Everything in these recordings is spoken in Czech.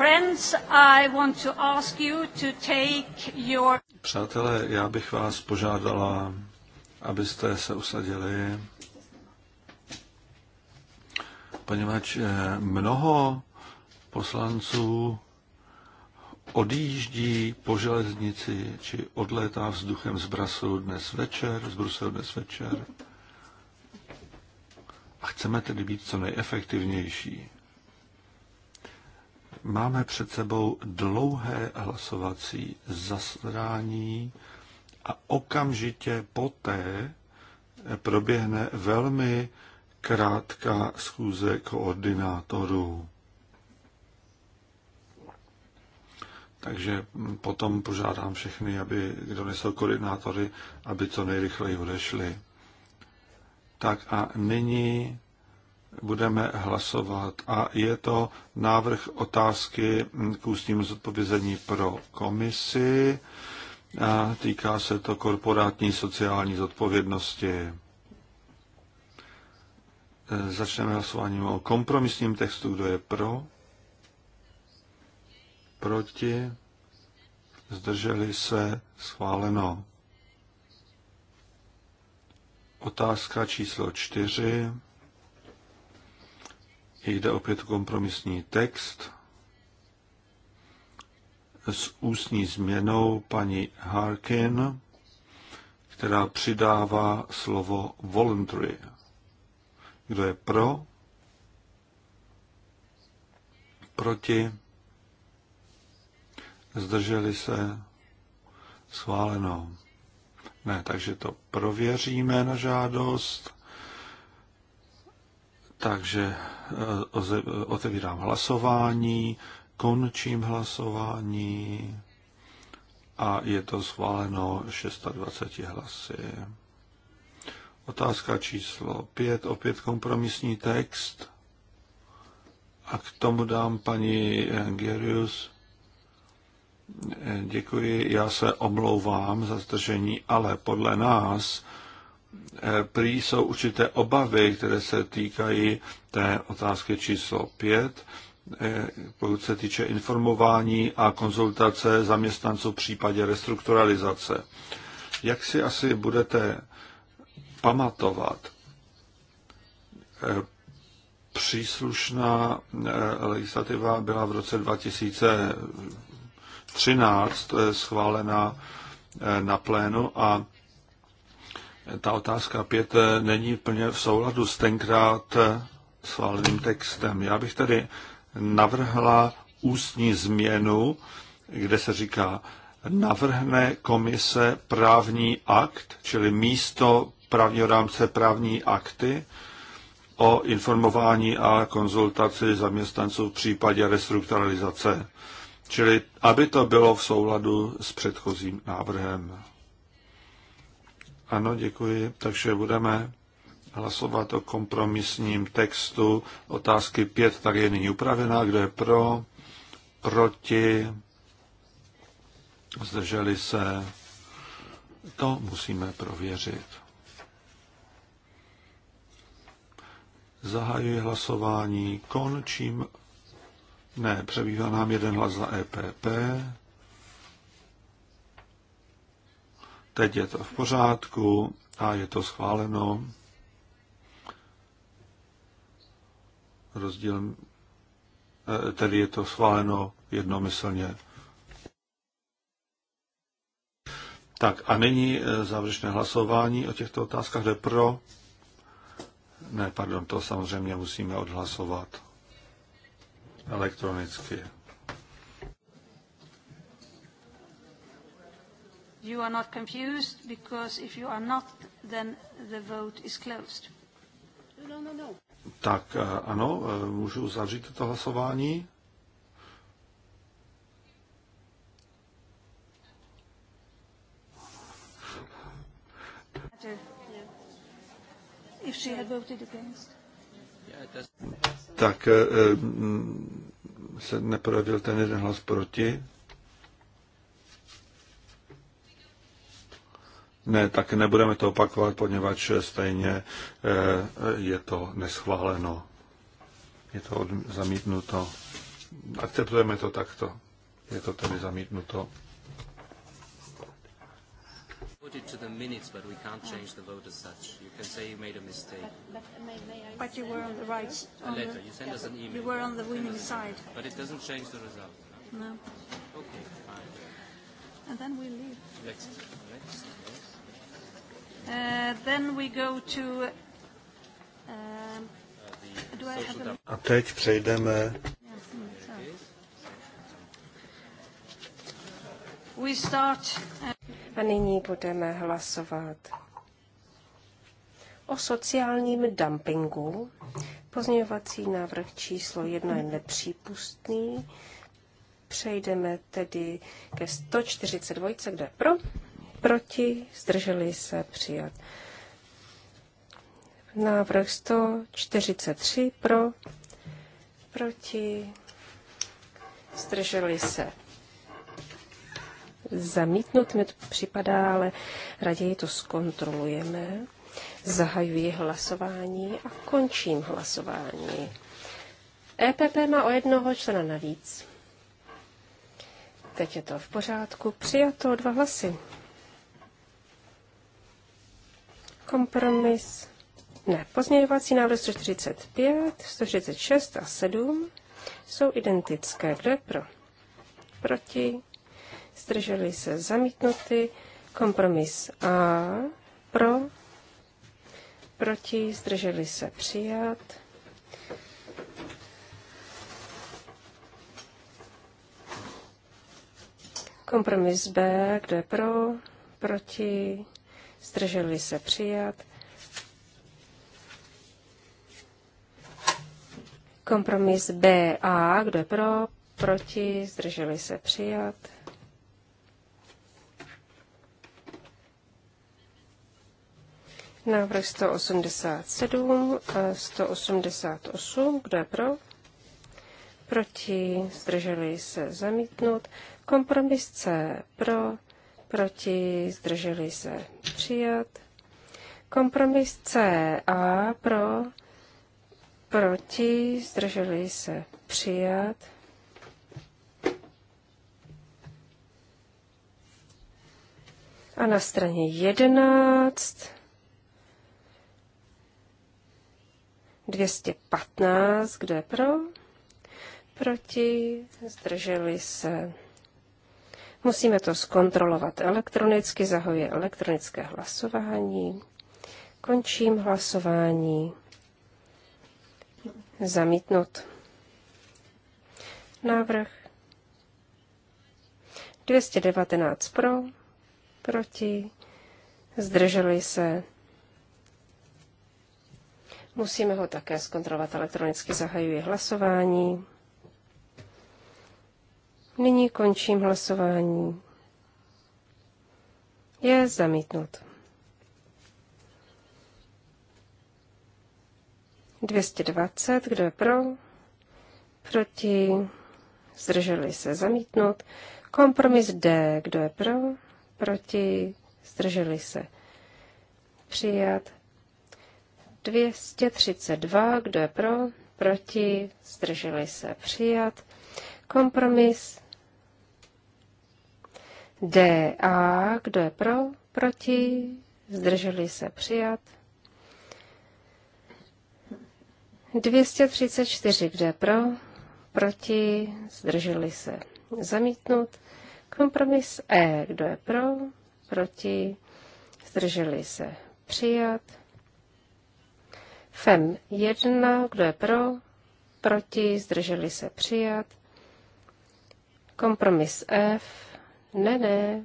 Friends, I want to ask you to take your... Přátelé, já bych vás požádala, abyste se usadili, poněvadž eh, mnoho poslanců odjíždí po železnici či odlétá vzduchem z Bruselu dnes večer, z Bruselu dnes večer. A chceme tedy být co nejefektivnější. Máme před sebou dlouhé hlasovací zasedání a okamžitě poté proběhne velmi krátká schůze koordinátorů. Takže potom požádám všechny, aby, kdo nejsou koordinátory, aby co nejrychleji odešli. Tak a nyní budeme hlasovat. A je to návrh otázky k ústnímu zodpovězení pro komisi. A týká se to korporátní sociální zodpovědnosti. Začneme hlasováním o kompromisním textu. Kdo je pro? Proti? Zdrželi se? Schváleno. Otázka číslo čtyři. Jde opět kompromisní text s ústní změnou paní Harkin, která přidává slovo voluntary. Kdo je pro? Proti? Zdrželi se? Schváleno. Ne, takže to prověříme na žádost. Takže eh, otevírám hlasování, končím hlasování a je to schváleno 620 hlasy. Otázka číslo 5, opět kompromisní text. A k tomu dám paní Gerius. Děkuji, já se omlouvám za zdržení, ale podle nás prý jsou určité obavy, které se týkají té otázky číslo 5, eh, pokud se týče informování a konzultace zaměstnanců v případě restrukturalizace. Jak si asi budete pamatovat, eh, příslušná eh, legislativa byla v roce 2013 schválena na plénu a ta otázka 5 eh, není plně v souladu s tenkrát eh, schváleným textem. Já bych tady navrhla ústní změnu, kde se říká, navrhne komise právní akt, čili místo právního rámce právní akty o informování a konzultaci zaměstnanců v případě restrukturalizace. Čili aby to bylo v souladu s předchozím návrhem. Ano, děkuji. Takže budeme hlasovat o kompromisním textu. Otázky 5 tak je nyní upravená. Kdo je pro? Proti? Zdrželi se? To musíme prověřit. Zahajuji hlasování. Končím. Ne, přebývá nám jeden hlas za EPP. Teď je to v pořádku a je to schváleno. Rozdíl, eh, tedy je to schváleno jednomyslně. Tak a nyní eh, závěrečné hlasování o těchto otázkách. Jde pro? Ne, pardon, to samozřejmě musíme odhlasovat elektronicky. You are not confused because if you are not, then the vote is closed. No, no, no. Tak eh, ano, eh, můžu uzavřít toto hlasování. If she had voted against. Tak eh, se neprojevil ten jeden hlas proti. ne, tak nebudeme to opakovat, poněvadž stejně eh, je to neschváleno. Je to zamítnuto. Akceptujeme to takto. Je to tedy zamítnuto. it to the minutes, but we can't change the vote as such. You can say you made a mistake. But, you were on the right. a letter. you send us an email. You were on the winning side. But it doesn't change the result. No. no. Okay, fine. And then we leave. Next. Next. A teď přejdeme uh, A nyní budeme hlasovat o sociálním dumpingu. Pozměňovací návrh číslo jedna je nepřípustný. Přejdeme tedy ke 142, kde pro proti, zdrželi se přijat. Návrh 143 pro, proti, zdrželi se zamítnout mi to připadá, ale raději to zkontrolujeme. Zahajuji hlasování a končím hlasování. EPP má o jednoho člena navíc. Teď je to v pořádku. Přijato dva hlasy. Kompromis. Ne, pozměňovací návrh 145, 146 a 7 jsou identické. Kdo je pro? Proti? Zdrželi se zamítnuty. Kompromis A. Pro? Proti? Zdrželi se přijat. Kompromis B, kdo je pro, proti, zdrželi se přijat. Kompromis BA, kdo je pro, proti, zdrželi se přijat. Návrh 187, 188, eh, kdo je pro? Proti, zdrželi se zamítnout. Kompromis C pro, proti, zdrželi se přijat. Kompromis C a pro, proti, zdrželi se přijat. A na straně 11 215, kdo je pro? Proti, zdrželi se Musíme to zkontrolovat elektronicky, zahoje elektronické hlasování. Končím hlasování. Zamítnut. Návrh 219 pro, proti, zdrželi se. Musíme ho také zkontrolovat elektronicky, zahajuji hlasování. Nyní končím hlasování. Je zamítnut. 220, kdo je pro? Proti? Zdrželi se zamítnout. Kompromis D, kdo je pro? Proti? Zdrželi se přijat. 232, kdo je pro? Proti? Zdrželi se přijat. Kompromis a, kdo je pro, proti, zdrželi se přijat. 234, kdo je pro, proti, zdrželi se zamítnut. Kompromis E, kdo je pro, proti, zdrželi se přijat. FEM 1, kdo je pro, proti, zdrželi se přijat. Kompromis F, ne, ne.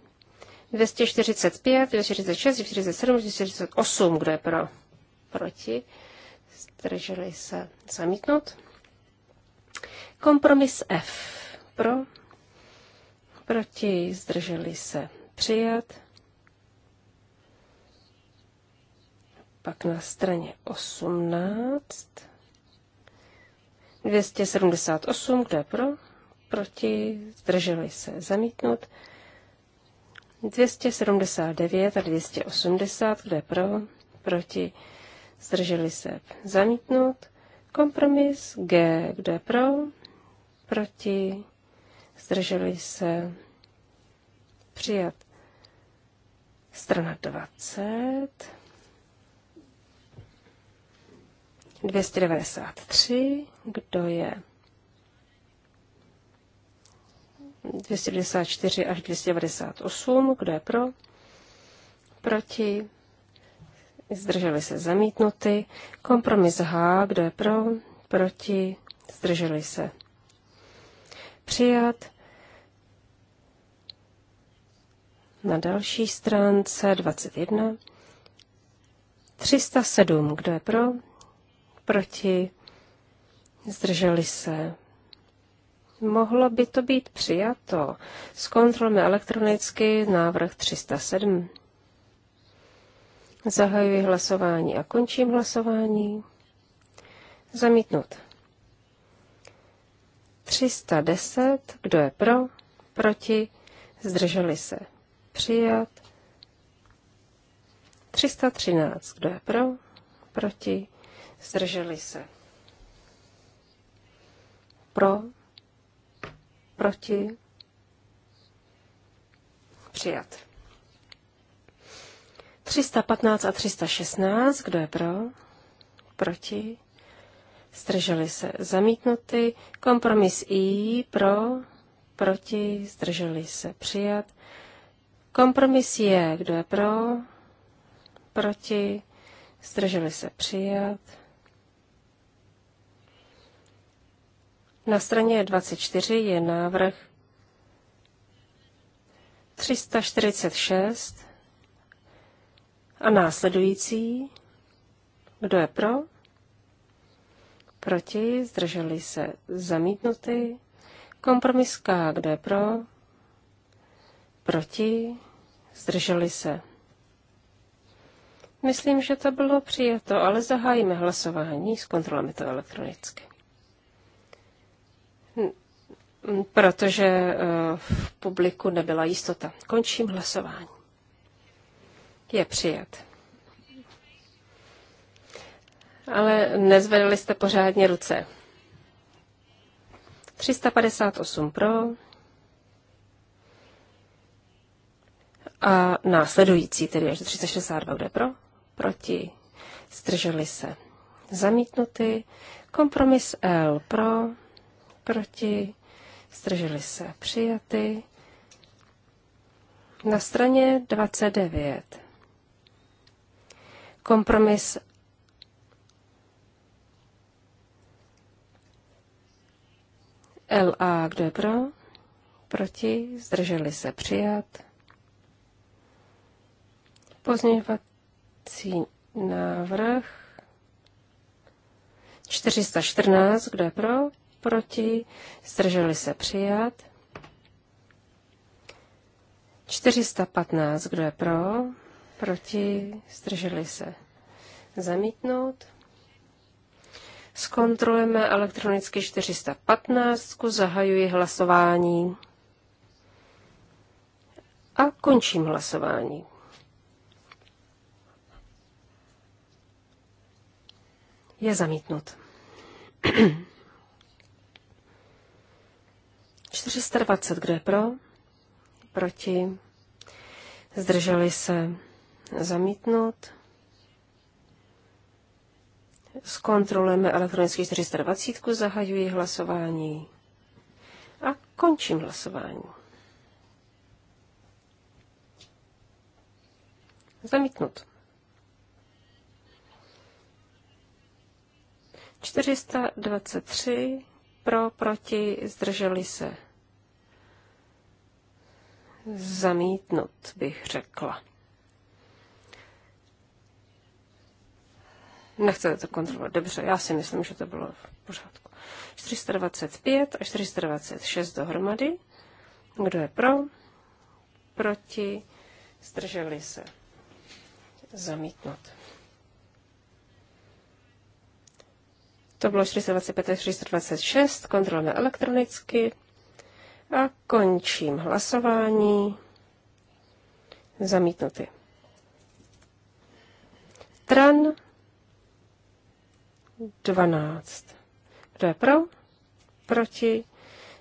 245, 246, 247, 248. Kdo je pro? Proti. Zdrželi se zamítnout. Kompromis F. Pro. Proti. Zdrželi se přijat. Pak na straně 18. 278, kdo je pro? Proti, zdrželi se zamítnout. 279 a 280, kde pro, proti, zdrželi se zamítnout. Kompromis G, kde pro, proti, zdrželi se přijat. Strana 20. 293, kdo je 294 až 298. Kdo je pro? Proti? Zdrželi se zamítnuty. Kompromis H. Kdo je pro? Proti? Zdrželi se. Přijat. Na další stránce 21. 307. Kdo je pro? Proti? Zdrželi se Mohlo by to být přijato. Zkontrolujeme elektronicky návrh 307. Zahajuji hlasování a končím hlasování. Zamítnut. 310. Kdo je pro? Proti? Zdrželi se. Přijat. 313. Kdo je pro? Proti? Zdrželi se. Pro proti, přijat. 315 a 316, kdo je pro, proti, zdrželi se zamítnuty, kompromis I pro, proti, zdrželi se přijat, kompromis je, kdo je pro, proti, zdrželi se přijat, Na straně 24 je návrh 346 a následující. Kdo je pro? Proti? Zdrželi se zamítnuty. Kompromis K. Kdo je pro? Proti? Zdrželi se. Myslím, že to bylo přijato, ale zahájíme hlasování, zkontrolujeme to elektronicky. Mm, protože eh, v publiku nebyla jistota. Končím hlasování. Je přijat. Ale nezvedli jste pořádně ruce. 358 pro a následující, tedy až 362, kde pro, proti, zdrželi se. Zamítnuty, kompromis L pro, proti, zdrželi se přijaty. Na straně 29 kompromis LA, kdo je pro? Proti? Zdrželi se přijat. Pozměňovací návrh 414, kdo je pro? proti, zdrželi se přijat. 415, kdo je pro, proti, zdrželi se zamítnout. Zkontrolujeme elektronicky 415, zahajuji hlasování a končím hlasování. Je zamítnut. 420, kdo je pro? Proti? Zdrželi se zamítnout. Zkontrolujeme elektronicky 420, zahajuji hlasování a končím hlasování. zamítnout 423 pro, proti, zdrželi se zamítnut, bych řekla. Nechcete to kontrolovat. Dobře, já si myslím, že to bylo v pořádku. 425 a 426 dohromady. Kdo je pro? Proti? Zdrželi se. Zamítnout. To bylo 425 a 426. Kontrolujeme elektronicky. A končím hlasování. Zamítnuty. Tran 12. Kdo je pro? Proti?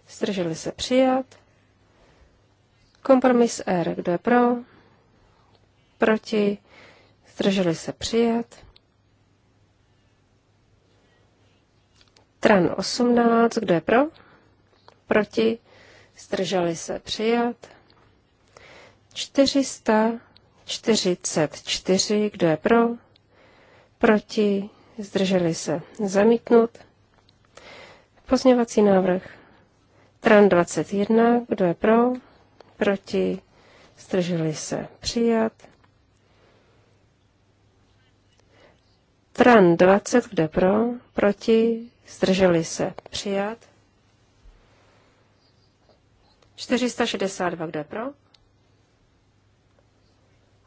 Zdrželi se přijat. Kompromis R. Kdo je pro? Proti? Zdrželi se přijat. Tran 18. Kdo je pro? Proti? zdrželi se přijat. 444, kdo je pro, proti, zdrželi se zamítnut. Pozněvací návrh TRAN 21, kdo je pro, proti, zdrželi se přijat. TRAN 20, kdo je pro, proti, zdrželi se přijat. 462, kde pro?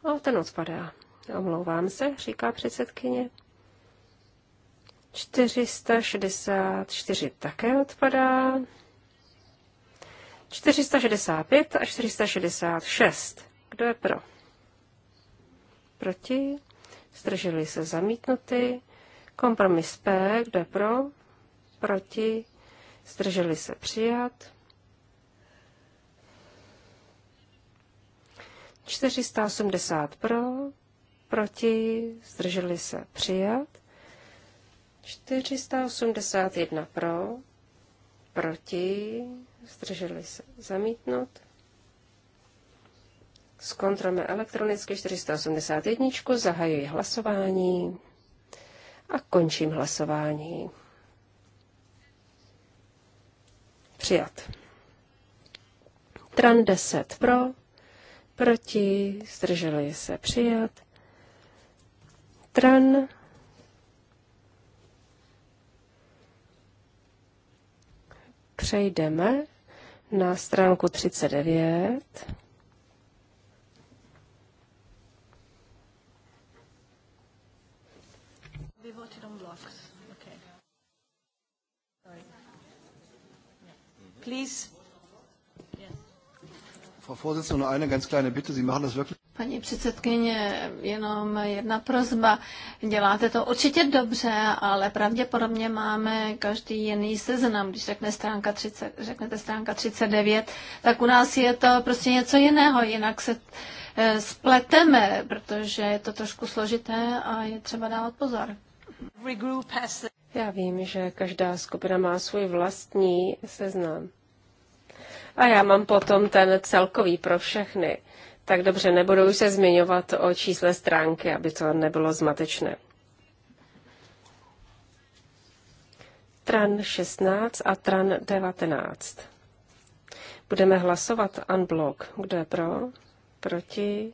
A ten odpadá. Omlouvám se, říká předsedkyně. 464 také odpadá. 465 a 466. Kdo je pro? Proti? Zdrželi se zamítnuty. Kompromis P. Kdo je pro? Proti? Zdrželi se přijat. 480 pro, proti, zdrželi se přijat. 481 pro, proti, zdrželi se zamítnout. Zkontrolujeme elektronicky 481, zahajuji hlasování a končím hlasování. Přijat. Tran 10 pro, proti, zdrželi se přijat. Tran přejdeme na stránku 39. Please Paní předsedkyně, jenom jedna prozba. Děláte to určitě dobře, ale pravděpodobně máme každý jiný seznam. Když řekne stránka 30, řeknete stránka 39, tak u nás je to prostě něco jiného, jinak se eh, spleteme, protože je to trošku složité a je třeba dávat pozor. Já vím, že každá skupina má svůj vlastní seznam. A já mám potom ten celkový pro všechny. Tak dobře, nebudu už se zmiňovat o čísle stránky, aby to nebylo zmatečné. Tran 16 a Tran 19. Budeme hlasovat unblock. Kdo je pro? Proti?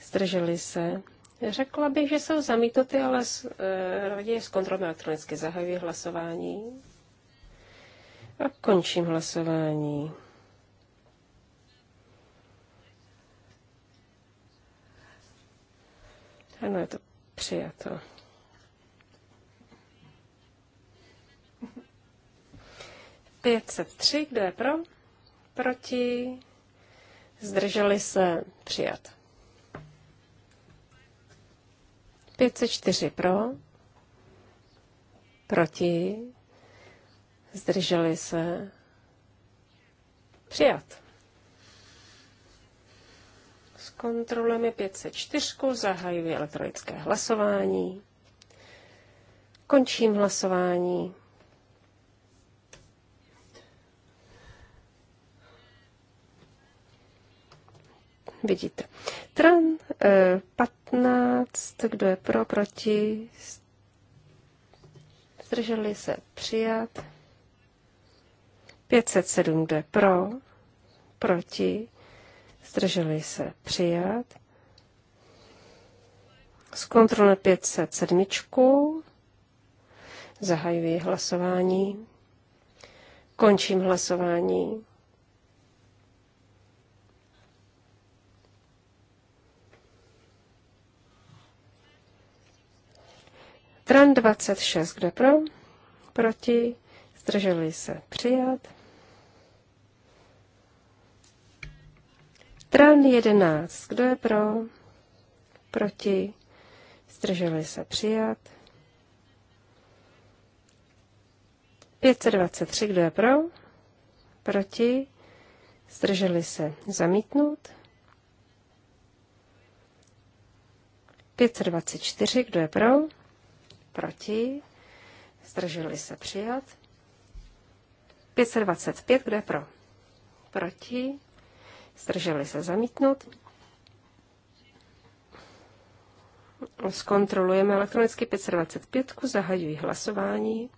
Zdrželi se? Řekla bych, že jsou zamítnuty, ale e, raději zkontrolujeme elektronicky. Zahajuji hlasování a končím hlasování. je to přijato. Pětset tři, kdo je pro? Proti? Zdrželi se přijat. 504 pro, proti, zdrželi se, přijat. Zkontrolujeme 504, zahajuji elektronické hlasování. Končím hlasování. Vidíte. Tran eh, 15, kdo je pro, proti, zdrželi se přijat. 507, kdo je pro, proti, zdrželi se přijat. Zkontrolujeme 507. Zahajuji hlasování. Končím hlasování. Tran 26, kdo pro? Proti? Zdrželi se přijat. Stran 11. Kdo je pro? Proti? Zdrželi se přijat. 523. Kdo je pro? Proti? Zdrželi se zamítnout. 524. Kdo je pro? Proti? Zdrželi se přijat. 525. Kdo je pro? Proti? zdrželi se zamítnout. Zkontrolujeme elektronicky 525, zahajuji hlasování,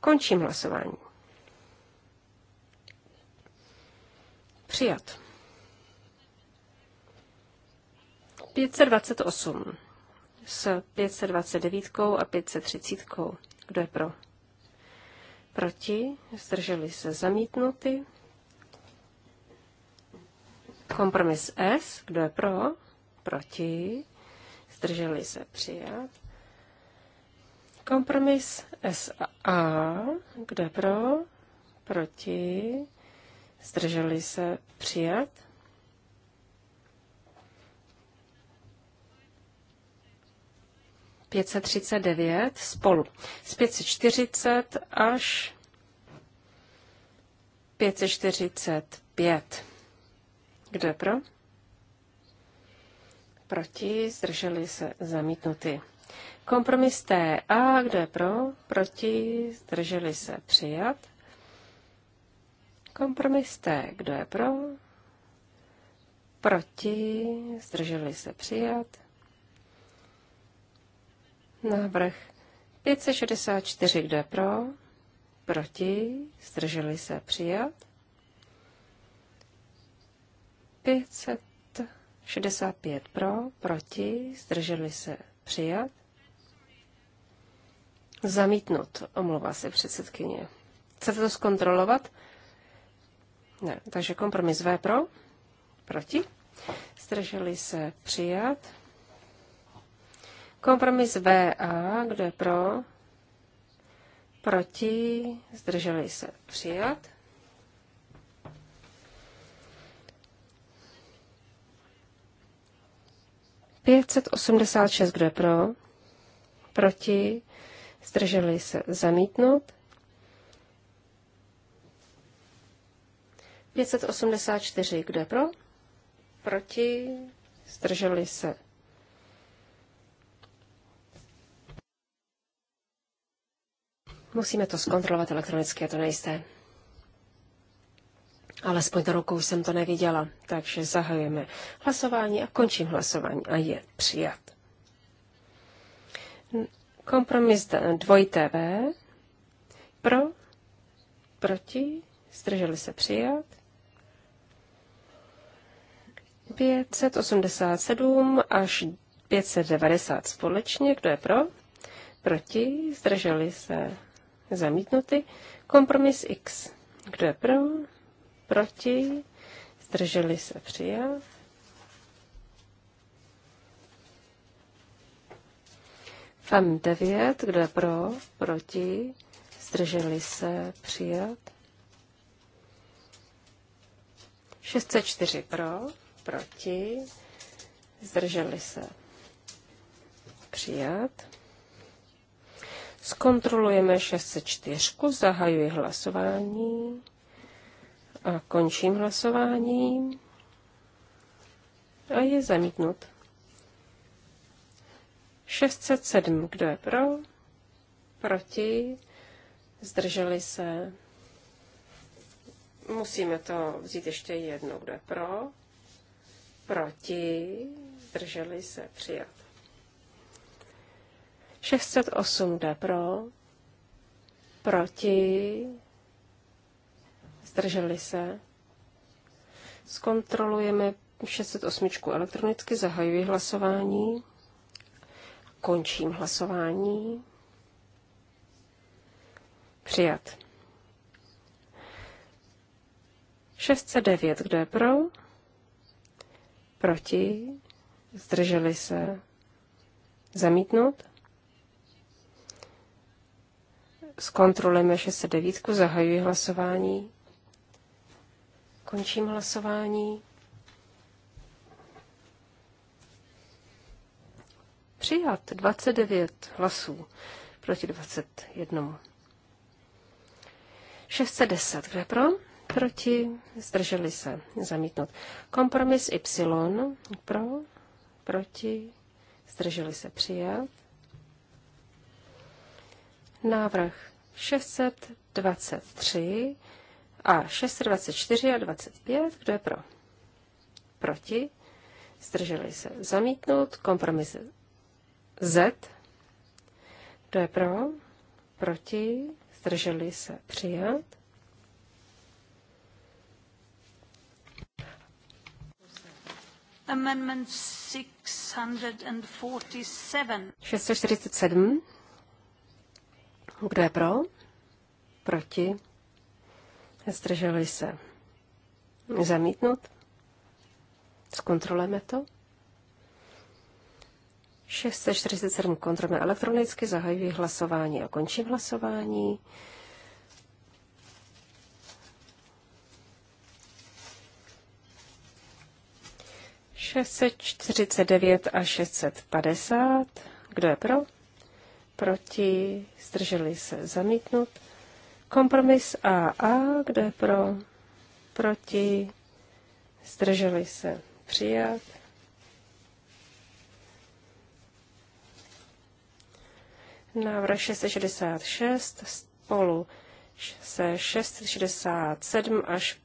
končím hlasování. Přijat. 528 s 529 a 530. Kdo je pro? Proti? Zdrželi se zamítnuty. Kompromis S, kdo je pro, proti, zdrželi se přijat. Kompromis S A, kdo je pro, proti, zdrželi se přijat. devět spolu z 540 až 545. Kdo je pro? Proti, zdrželi se zamítnuty. Kompromis T. A kdo je pro? Proti, zdrželi se přijat. Kompromis T. Kdo je pro? Proti, zdrželi se přijat. Návrh 564. Kdo je pro? Proti, zdrželi se přijat. 565 pro, proti, zdrželi se přijat. Zamítnut, omluvá se předsedkyně. Chcete to zkontrolovat? Ne, takže kompromis V pro, proti, zdrželi se přijat. Kompromis VA, kdo je pro, proti, zdrželi se přijat. 586, kdo je pro? Proti? Zdrželi se zamítnout. 584, kdo je pro? Proti? Zdrželi se Musíme to zkontrolovat elektronicky, je to nejisté. Alespoň do rukou jsem to neviděla, takže zahajujeme hlasování a končím hlasování a je přijat. Kompromis dvojité V. Pro, proti, zdrželi se přijat. 587 až 590 společně. Kdo je pro? Proti, zdrželi se zamítnuty. Kompromis X. Kdo je pro? proti, zdrželi se přijat. FEM 9, kdo je pro, proti, zdrželi se přijat. 604 pro, proti, zdrželi se přijat. Zkontrolujeme 604, zahajuji hlasování. A končím hlasování. A je zamítnut. 607. Kdo je pro? Proti? Zdrželi se? Musíme to vzít ještě jednou. Kdo je pro? Proti? Zdrželi se? Přijat. 608. Kdo je pro? Proti? zdrželi se. Zkontrolujeme 608 elektronicky, zahajuji hlasování, končím hlasování. Přijat. 609, kdo je pro? Proti? Zdrželi se? Zamítnout? Zkontrolujeme 609, zahajuji hlasování, Končím hlasování. Přijat 29 hlasů proti 21. 610. Kdo je pro? Proti? Zdrželi se. Zamítnout. Kompromis Y. Pro? Proti? Zdrželi se. Přijat. Návrh 623 a 6, 24 a 25, kdo je pro? Proti? Zdrželi se. Zamítnout. Kompromis Z. Kdo je pro? Proti? Zdrželi se. Přijat. Amendment 647. 647. Kdo je pro? Proti? Zdrželi se. Zamítnout. Zkontrolujeme to. 647 kontrolujeme elektronicky, zahajuji hlasování a končím hlasování. Šestset čtyřicet devět a šestset padesát. Kdo je pro? Proti? Zdrželi se zamítnout. Kompromis AA, kde pro, proti, zdrželi se přijat. Návrh 666 spolu se 667 až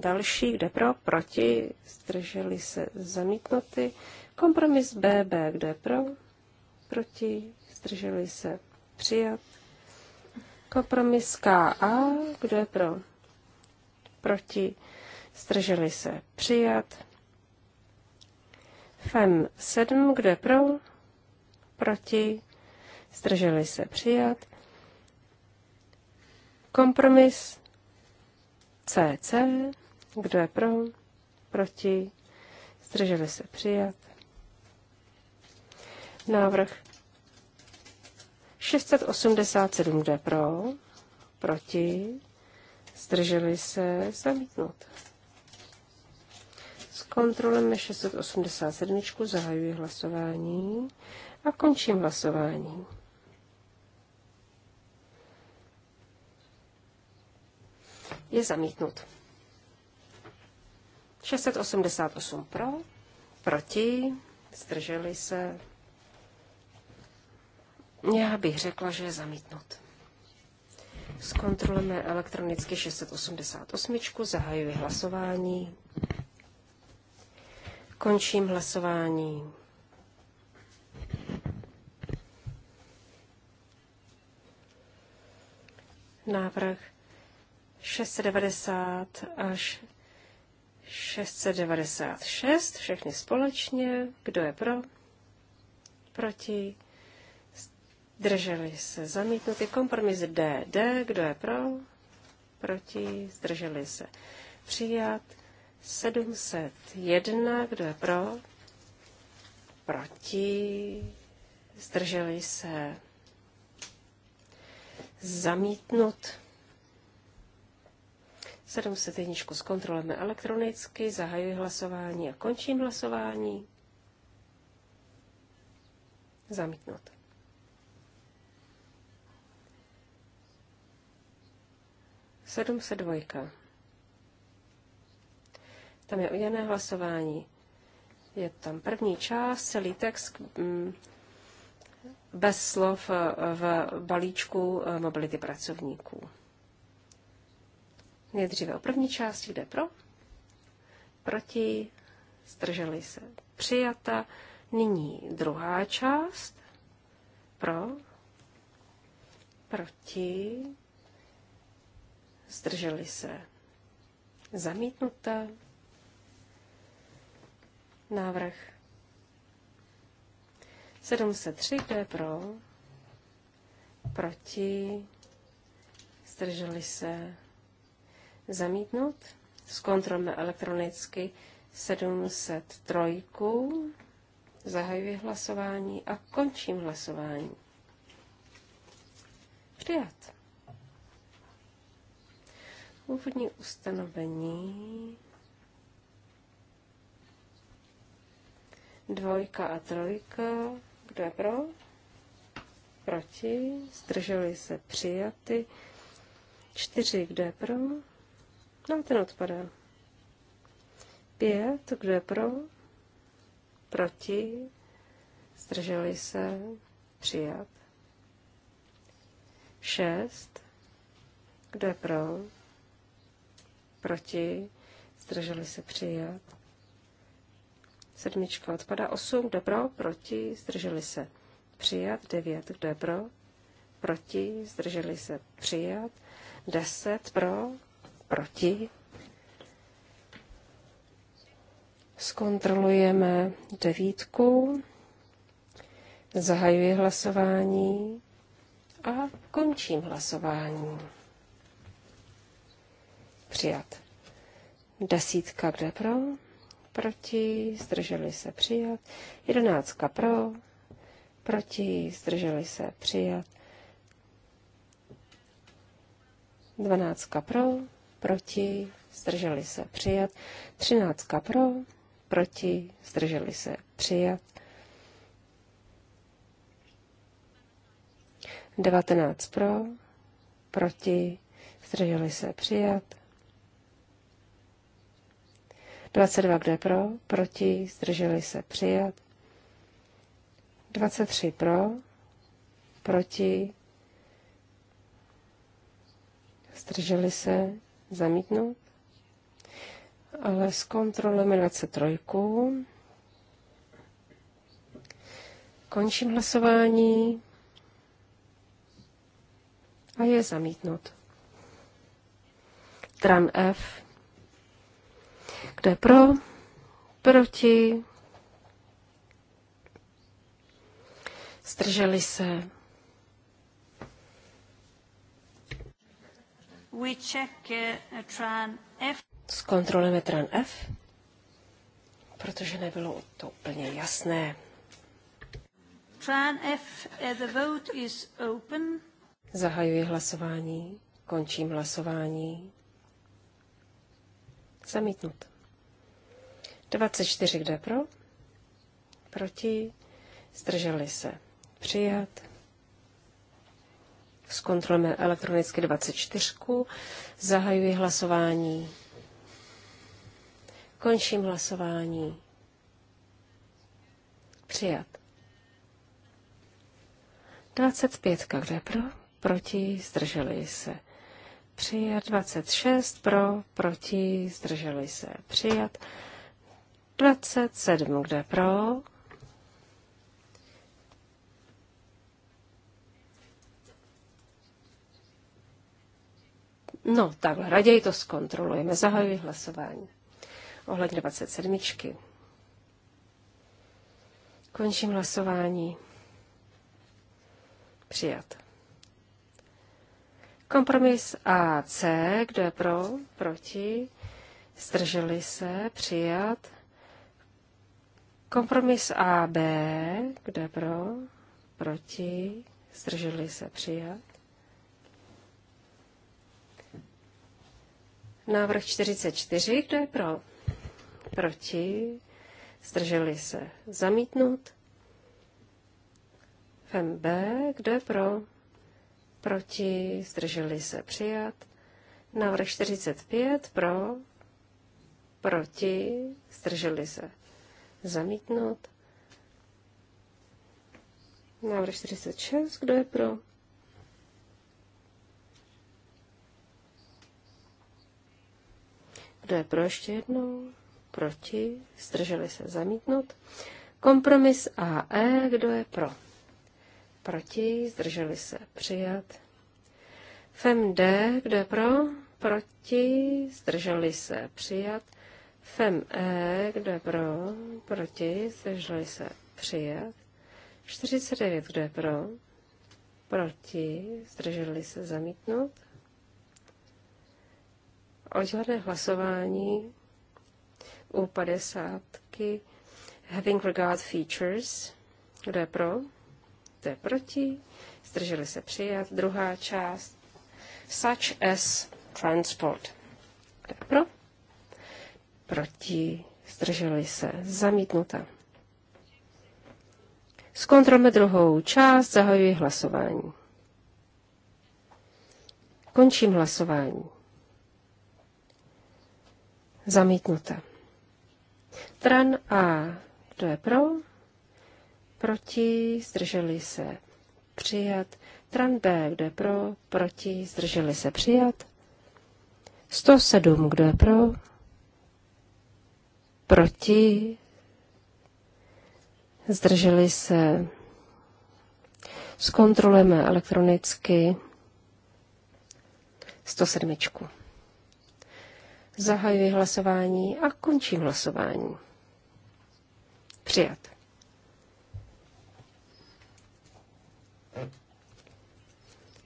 další, kde pro, proti, zdrželi se zamítnuty. Kompromis BB, kde pro, proti, zdrželi se přijat. Kompromis a kdo je pro? Proti? Strželi se přijat. FEM 7, kdo je pro? Proti? Strželi se přijat. Kompromis CC, kdo je pro? Proti? Zdrželi se přijat. Návrh 687 jde pro, proti, zdrželi se, zamítnout. S kontrolem 687 zahajuji hlasování a končím hlasování. Je zamítnut. 688 pro, proti, zdrželi se, já bych řekla, že je zamítnut. Zkontrolujeme elektronicky 688, zahajuji hlasování. Končím hlasování. Návrh 690 až 696, všechny společně. Kdo je pro? Proti? Zdrželi se Zamítnutý Kompromis D D Kdo je pro? Proti. Zdrželi se přijat. 701. Kdo je pro? Proti. Zdrželi se zamítnut. 701 zkontrolujeme elektronicky, zahajuji hlasování a končím hlasování. Zamítnout. 702. Tam je udělené hlasování. Je tam první část, celý text mm, bez slov eh, v balíčku eh, mobility pracovníků. Nejdříve o první části, jde pro, proti, zdrželi se, přijata. Nyní druhá část, pro, proti, zdrželi se zamítnuta. Návrh 703, kdo je pro, proti, zdrželi se zamítnut. Zkontrolujeme elektronicky 703. Zahajuji hlasování a končím hlasování. Přijat. Úvodní ustanovení. Dvojka a trojka. Kdo je pro? Proti. Zdrželi se přijaty. Čtyři. Kdo je pro? No, ten odpadá. Pět. Kdo je pro? Proti. Zdrželi se přijat. šest Kdo je pro? proti, zdrželi se přijat. Sedmička odpada, osm, kdo pro, proti, zdrželi se přijat, devět, kdo je pro, proti, zdrželi se přijat, deset pro, proti. Zkontrolujeme devítku, zahajuji hlasování a končím hlasování přijat. Desítka kde pro, proti, zdrželi se přijat. Jedenáctka pro, proti, zdrželi se přijat. Dvanáctka pro, proti, zdrželi se přijat. Třináctka pro, proti, zdrželi se přijat. 19 pro, proti, zdrželi se přijat. 22, kdo je pro, proti, zdrželi se přijat. 23 pro, proti, zdrželi se zamítnout. Ale zkontrolujeme 23. Končím hlasování a je zamítnut. Tran F kdo je pro? Proti? Zdrželi se? Eh, F. Zkontrolujeme tran F, protože nebylo to úplně jasné. Tran F, eh, the vote is open. Zahajuji hlasování, končím hlasování. Zamítnuto. 24, kde pro? Proti? Zdrželi se. Přijat. Zkontrolujeme elektronicky 24. Zahajuji hlasování. Končím hlasování. Přijat. 25. Kde pro? Proti? Zdrželi se. Přijat. 26. Pro? Proti? Zdrželi se. Přijat. 27, kde pro? No, takhle, raději to zkontrolujeme. Zahajuji hlasování. Ohledně 27. Končím hlasování. Přijat. Kompromis AC, kdo je pro, proti, zdrželi se, přijat. Kompromis AB, kde pro, proti, zdrželi se přijat. Návrh 44, kdo je pro? Proti. Zdrželi se zamítnout. Fem B, kdo je pro? Proti. Zdrželi se přijat. Návrh 45, pro? Proti. Zdrželi se Zamítnout. Návrh 46. Kdo je pro? Kdo je pro ještě jednou? Proti? Zdrželi se zamítnout. Kompromis AE. Kdo je pro? Proti? Zdrželi se přijat. FEMD, D. Kdo je pro? Proti? Zdrželi se přijat. FEM E, kdo je pro, proti, zdrželi se přijat. 49, kdo je pro, proti, zdrželi se zamítnout. Oddělené hlasování u padesátky Having regard features, kdo je pro, kdo je proti, zdrželi se přijat. Druhá část, such as transport, kdo je pro, proti, zdrželi se, zamítnuta. Zkontrolme druhou část, zahajuji hlasování. Končím hlasování. Zamítnuta. Tran A. Kdo je pro? Proti, zdrželi se, přijat. Tran B. Kdo je pro? Proti, zdrželi se, přijat. 107. Kdo je pro? Proti? Zdrželi se? Zkontrolujeme elektronicky 107. Zahajuji hlasování a končím hlasování. Přijat.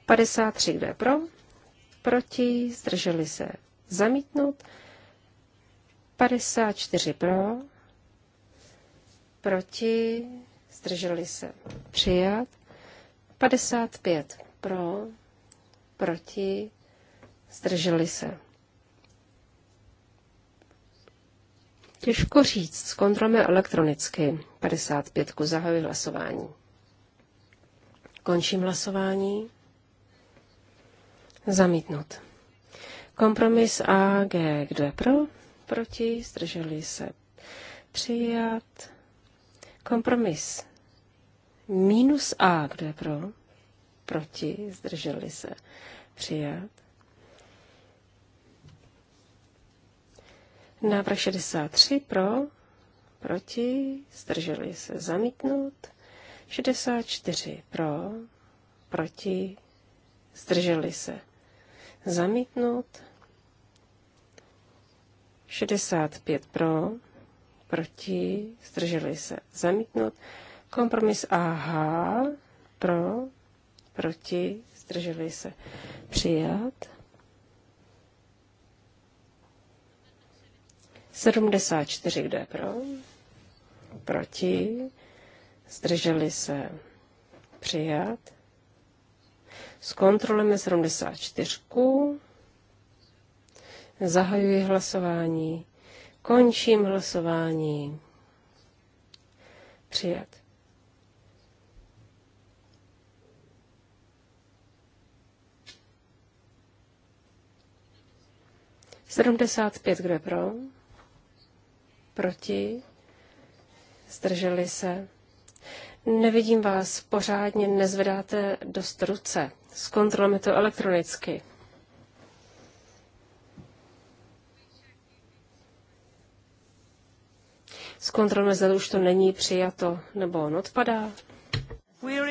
Padesát tři, kdo je pro? Proti, zdrželi se zamítnout. 54 pro, proti, zdrželi se přijat. 55 pro, proti, zdrželi se. Těžko říct, zkontrolujeme elektronicky. 55. Zahajuji hlasování. Končím hlasování. Zamítnut. Kompromis AG. Kdo je pro? proti, zdrželi se přijat. Kompromis minus A, kdo je pro, proti, zdrželi se přijat. Návrh 63 pro, proti, zdrželi se zamítnout. 64 pro, proti, zdrželi se zamítnout. 65 pro, proti, zdrželi se zamítnout. Kompromis AH pro, proti, zdrželi se přijat. 74, kde pro? Proti, zdrželi se přijat. Zkontrolujeme 74. Zahajuji hlasování. Končím hlasování. Přijat. Sedmdesát pět, kdo je pro? Proti? Zdrželi se? Nevidím vás pořádně, nezvedáte dost ruce. Zkontrolujeme to elektronicky. zkontrolujeme, zda už to není přijato nebo on odpadá. Uh,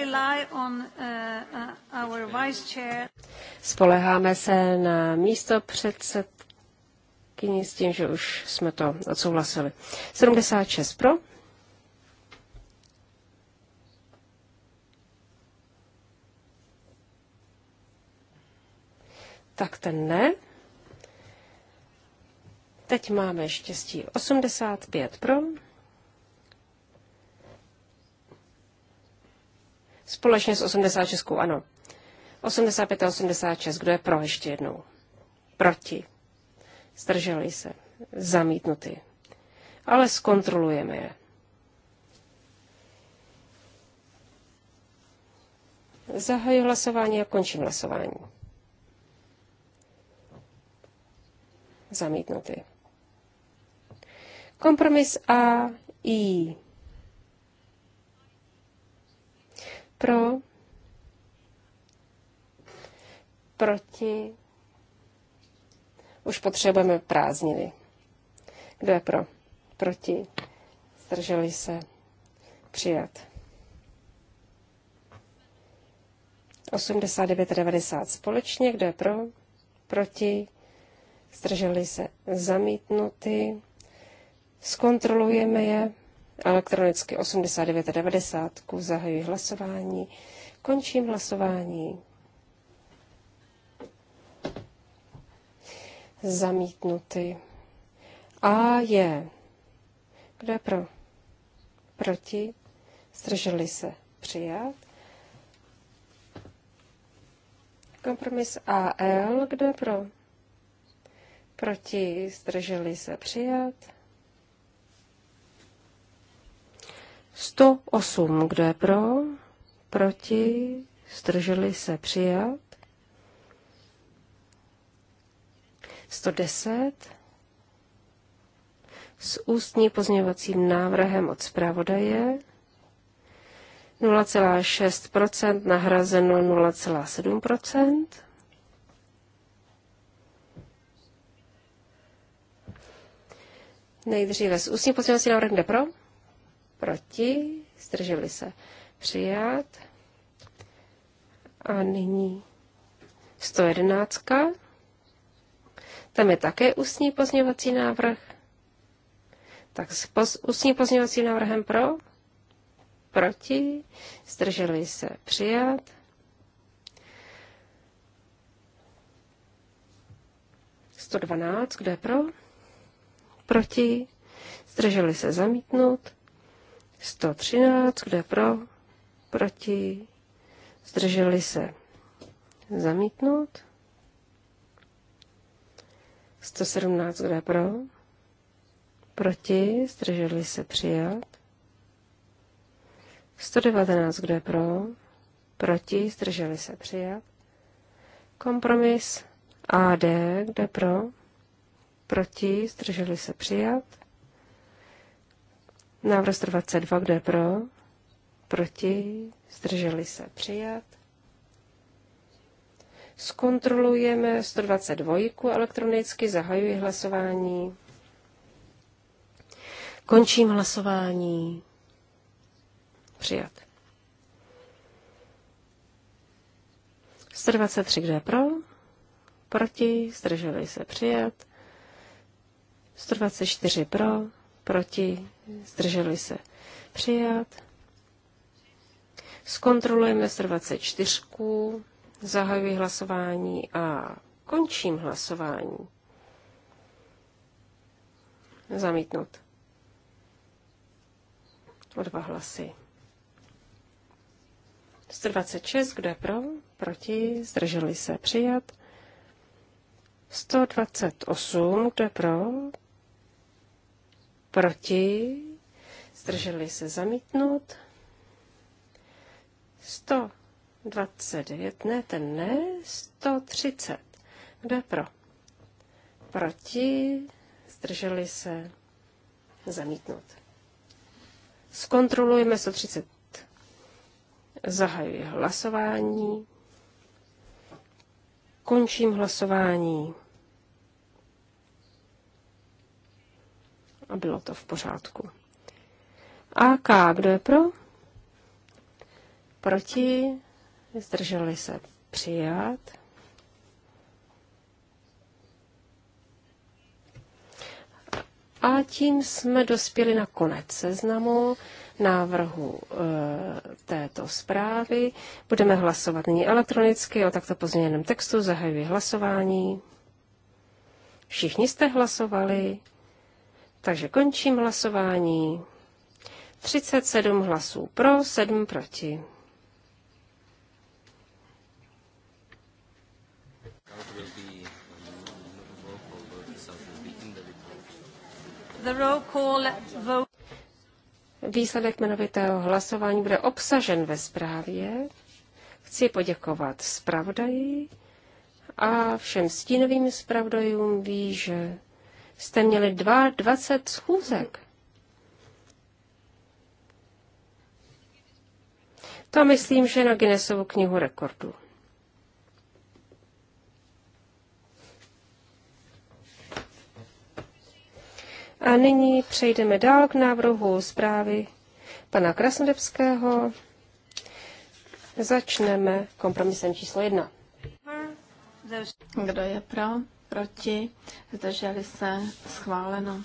Spoleháme se na místo předsedkyni s tím, že už jsme to odsouhlasili. 76 pro. Tak ten ne. Teď máme štěstí 85 pro. Společně s 86, ano. 85 a 86, kdo je pro ještě jednou? Proti. Zdrželi se. Zamítnuty. Ale zkontrolujeme je. Zahajuji hlasování a končím hlasování. Zamítnuty. Kompromis A, I. Pro, proti, už potřebujeme prázdniny. Kdo je pro? Proti. Zdrželi se. Přijat. 89,90 společně. Kdo je pro? Proti. Zdrželi se. Zamítnuty. Zkontrolujeme je elektronicky 89 a 90. Zahajuji hlasování. Končím hlasování. Zamítnuty. A je. Kdo je pro? Proti? Zdrželi se. Přijat. Kompromis AL. Kdo je pro? Proti? Zdrželi se. Přijat. 108. Kdo je pro? Proti? Zdrželi se přijat? 110. S ústní pozměňovacím návrhem od zpravodaje 0,6 nahrazeno 0,7 Nejdříve s ústním pozměňovací návrhem jde pro? proti, zdrželi se přijat. A nyní 111. Tam je také ústní pozměňovací návrh. Tak s poz, ústní pozměňovacím návrhem pro, proti, zdrželi se přijat. Sto kdo je pro? Proti, zdrželi se zamítnout. 113, kdo je pro, proti, zdrželi se zamítnout. 117, kdo je pro, proti, zdrželi se přijat. 119, kdo je pro, proti, zdrželi se přijat. Kompromis AD, kde pro, proti, zdrželi se přijat. Návrh 122, kdo je pro? Proti? Zdrželi se přijat. Zkontrolujeme 122 elektronicky, zahajuji hlasování. Končím hlasování. Přijat. 123, kdo je pro? Proti? Zdrželi se přijat. 124 pro, proti, zdrželi se přijat. Zkontrolujeme se 24, zahajuji hlasování a končím hlasování. Zamítnut. O dva hlasy. 126, kdo je pro, proti, zdrželi se přijat. 128, kdo je pro, proti, zdrželi se zamítnout. 129, ne, ten ne, 130. Kdo je pro? Proti, zdrželi se zamítnout. Zkontrolujeme 130. Zahajuji hlasování. Končím hlasování. a bylo to v pořádku. AK, kdo je pro? Proti? Zdrželi se přijat. A tím jsme dospěli na konec seznamu návrhu e, této zprávy. Budeme hlasovat nyní elektronicky o takto pozměněném textu. Zahajuji hlasování. Všichni jste hlasovali. Takže končím hlasování. 37 hlasů pro, 7 proti. Výsledek jmenovitého hlasování bude obsažen ve zprávě. Chci poděkovat zpravodaji a všem stínovým zpravodajům ví, že jste měli 22 schůzek. To myslím, že na Guinnessovu knihu rekordů. A nyní přejdeme dál k návrhu zprávy pana Krasnodebského. Začneme kompromisem číslo jedna. Kdo je pro? proti, zdrželi se, schváleno.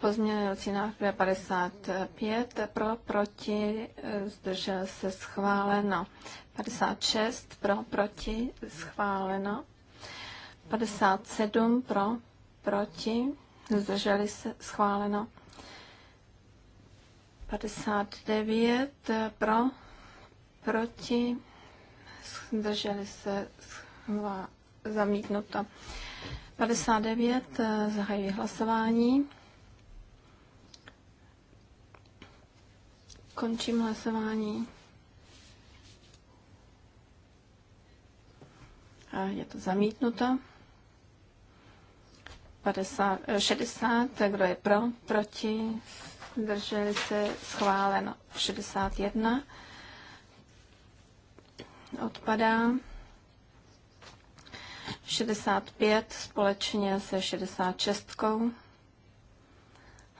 Pozměňovací návrh 55 pro, proti, zdržel se schváleno. 56 pro, proti, schváleno. 57 pro, proti, zdrželi se schváleno. 59 pro, proti, zdrželi se schvá, zamítnuto. 59, eh, zahajuji hlasování. Končím hlasování. A je to zamítnuto. 50, 60, eh, kdo je pro, proti, zdrželi se, schváleno 61 odpadá. 65 společně se 66.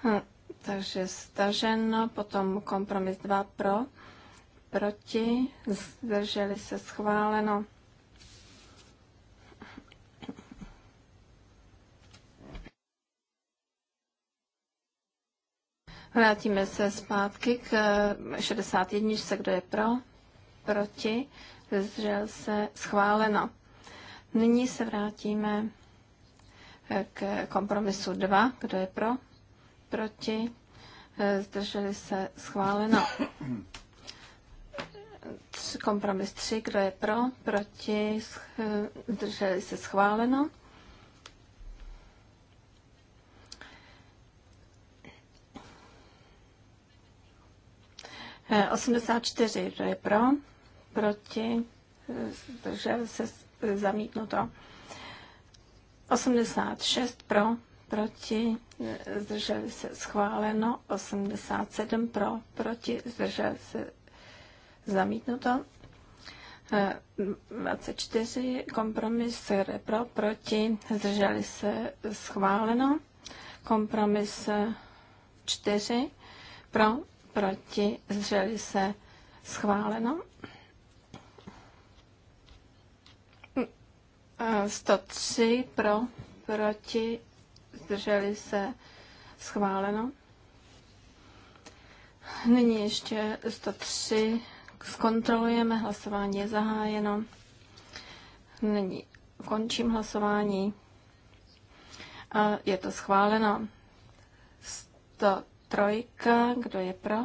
Hm, takže staženo, potom kompromis 2 pro, proti, zdrželi se schváleno. Vrátíme se zpátky k 61, kdo je pro, proti, zdržel se, schváleno. Nyní se vrátíme eh, k kompromisu 2. Kdo je pro? Proti? Eh, zdrželi se? Schváleno. Kompromis 3. Kdo je pro? Proti? Eh, zdrželi se? Schváleno. Osmdesát 84. Kdo je pro? proti, zdržel se to. 86 pro, proti, zdrželi se schváleno, 87 pro, proti, zdrželi se zamítnuto. 24 kompromis pro, proti, zdrželi se schváleno. Kompromis 4 pro, proti, zdrželi se schváleno. 103 pro, proti, zdrželi se schváleno. Nyní ještě 103. Zkontrolujeme, hlasování je zahájeno. Nyní končím hlasování. A je to schváleno. 103. Kdo je pro?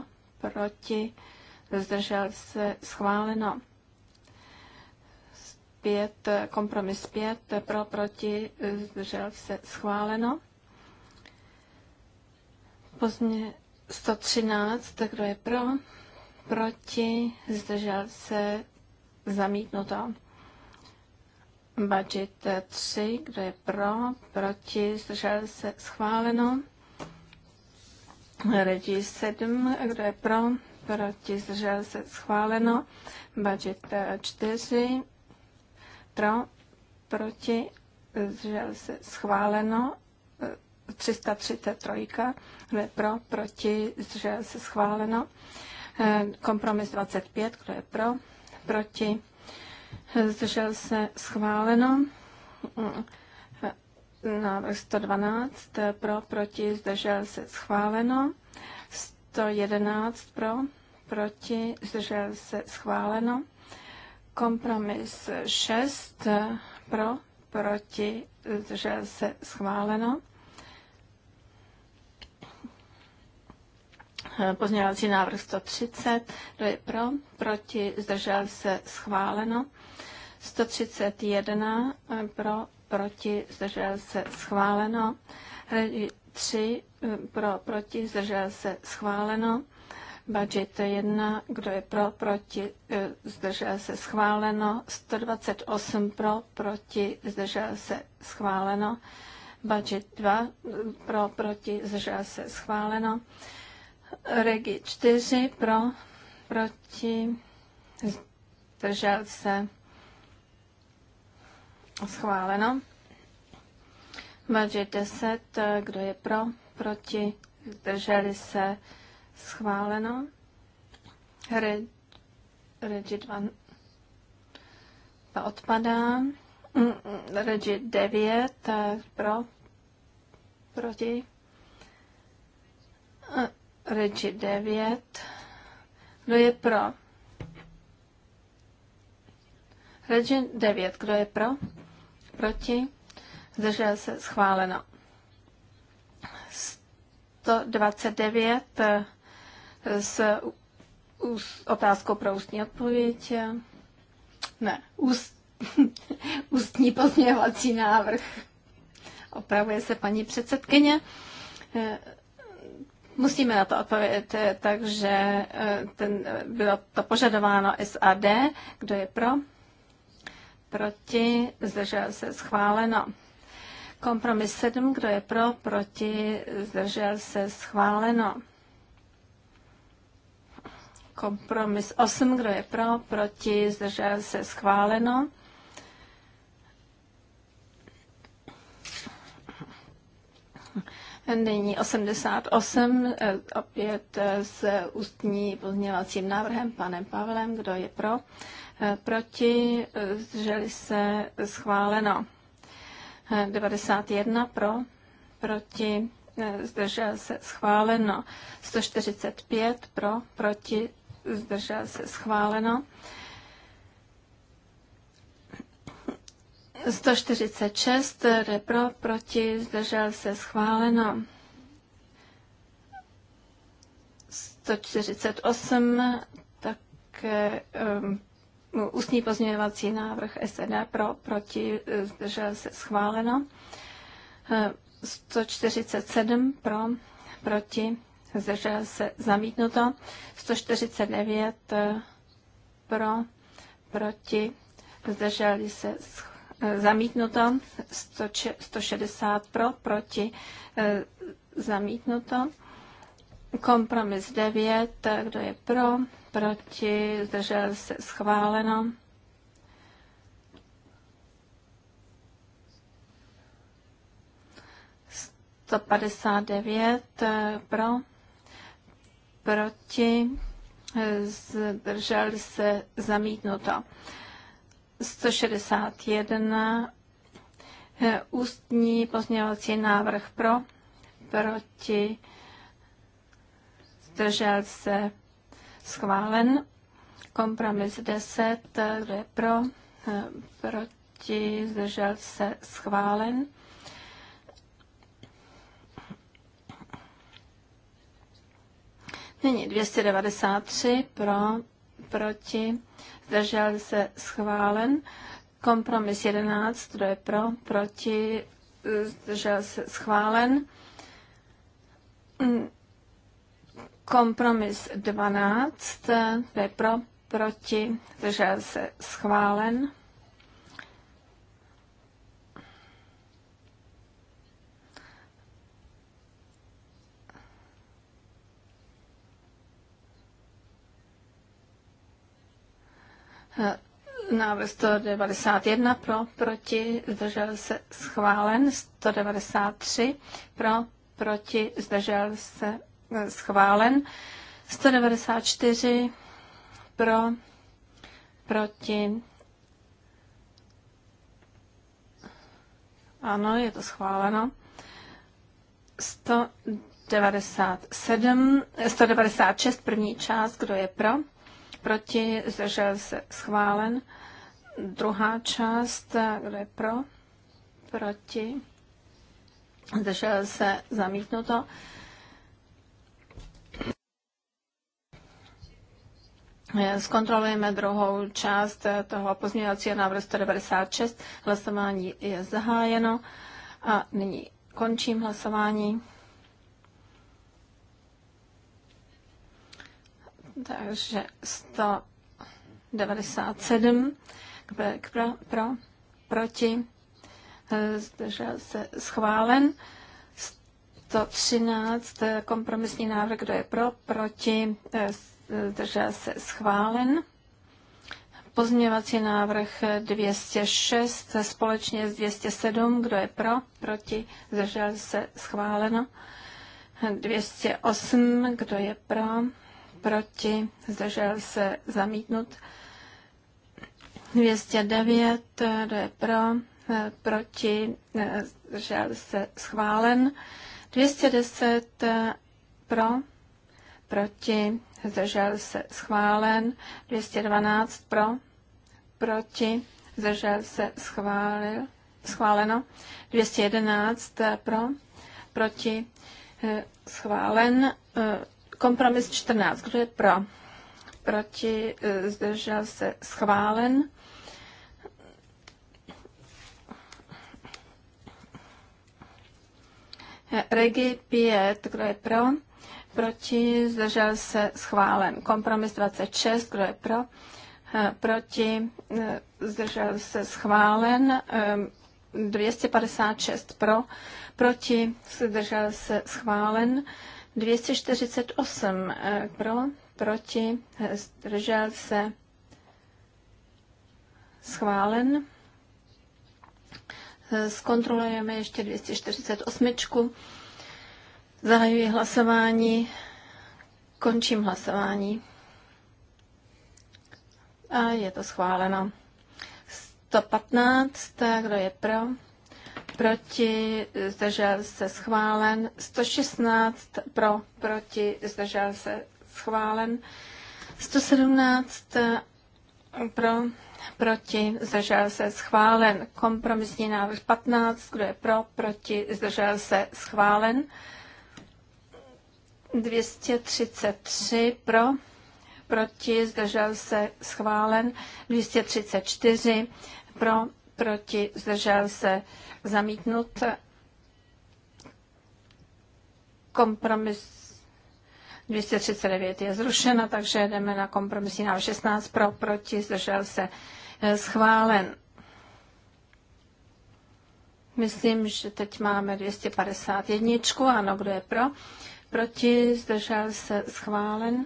Proti? Zdržel se schváleno pět kompromis pět pro, proti, zdržel se schváleno. Pozmě 113, kdo je pro, proti, zdržel se zamítnuto. Budget 3, kdo je pro, proti, zdržel se schváleno. Regi 7, kdo je pro, proti, zdržel se schváleno. Budget 4, pro, proti, že se schváleno, 333, e, e, kdo je pro, proti, že se schváleno, kompromis 25, kdo je pro, proti, zdržel se schváleno, návrh 112, pro, proti, zdržel se schváleno, 111 pro, proti, zdržel se schváleno, Kompromis 6 pro, proti, zdržel se schváleno. Pozměňovací návrh 130, kdo je pro, proti, zdržel se schváleno. 131 pro, proti, zdržel se schváleno. 3 pro, proti, zdržel se schváleno. Budget 1, kdo je pro, proti, e, zdržel se schváleno. 128 pro, proti, zdržel se schváleno. Budget 2, pro, proti, zdržel se schváleno. Regi 4, pro, proti, zdržel se schváleno. Budget 10, kdo je pro, proti, zdrželi se schváleno Schváleno. Reg, regi 2 odpadá. Mm, mm, regi 9 eh, pro, proti. Eh, regi 9. Kdo je pro? Regi 9. Kdo je pro? Proti. Zdržel se schváleno. 129 s otázkou pro ústní odpověď. Ne, úst, ústní pozměňovací návrh. Opravuje se paní předsedkyně. Musíme na to odpovědět, takže eh, ten, bylo to požadováno SAD. Kdo je pro? Proti? Zdržel se schváleno. Kompromis 7. Kdo je pro? Proti? Zdržel se schváleno. Kompromis 8, kdo je pro, proti, zdržel se schváleno. Nyní 88, eh, opět eh, s ústní pozměňovacím návrhem panem Pavlem, kdo je pro, eh, proti, zdrželi se schváleno. 91 pro, proti, zdržel se schváleno. 145 pro, proti, zdržel se schváleno. 146, repro pro, proti, zdržel se schváleno. 148, tak um, ústní pozměňovací návrh SED pro, proti, zdržel se schváleno. 147 um, pro, proti, zdržel se zamítnuto, 149 eh, pro, proti, zdrželi se eh, zamítnuto, 160 pro, proti, eh, zamítnuto, kompromis 9, kdo je pro, proti, zdržel se schváleno. devět pro, proti, eh, zdržel se zamítnuto. 161 eh, ústní pozměňovací návrh pro, proti, zdržel se schválen. Kompromis 10, eh, kdo je pro, proti, zdržel se schválen. Nyní 293 pro, proti, zdržel se schválen. Kompromis 11, to je pro, proti, zdržel se schválen. Kompromis 12, to je pro, proti, zdržel se schválen. Eh, návrh 191 pro, proti, zdržel se schválen. 193 pro, proti, zdržel se eh, schválen. 194 pro, proti. Ano, je to schváleno. 197, 196, eh, první část, kdo je pro? proti, zdržel se schválen. Druhá část, kdo je pro, proti, zdržel se zamítnuto. Zkontrolujeme druhou část toho pozměňovacího návrhu 196. Hlasování je zahájeno a nyní končím hlasování. Takže 197 k pro, pro proti, eh, zdržel se schválen. 113 eh, kompromisní návrh, kdo je pro, proti, eh, zdržel se schválen. Pozměňovací návrh 206 společně s 207, kdo je pro, proti, zdržel se schváleno. 208, kdo je pro, proti, zdržel se zamítnut. 209, kdo je pro, proti, zdržel se schválen. 210 pro, proti, zdržel se schválen. 212 pro, proti, zdržel se schválil, schváleno. 211 pro, proti, schválen. Kompromis 14. Kdo je pro? Proti? E, zdržel se? Schválen. E, Regi 5. Kdo je pro? Proti? Zdržel se? Schválen. Kompromis 26. Kdo je e, pro? Proti? Zdržel se? Schválen. 256 pro, proti, zdržel se schválen, 248 eh, pro, proti, eh, zdržel se, schválen. Eh, zkontrolujeme ještě 248. Zahajuji hlasování, končím hlasování. A je to schváleno. 115, kdo je pro? proti, zdržel se schválen, 116 pro, proti, zdržel se schválen, 117 pro, proti, zdržel se schválen, kompromisní návrh 15, kdo je pro, proti, zdržel se schválen, 233 pro, proti, zdržel se schválen, 234 pro, proti, zdržel se zamítnut. Kompromis 239 je zrušena, takže jdeme na kompromisní návrh 16 pro, proti, zdržel se schválen. Myslím, že teď máme 251. Ano, kdo je pro? Proti, zdržel se schválen.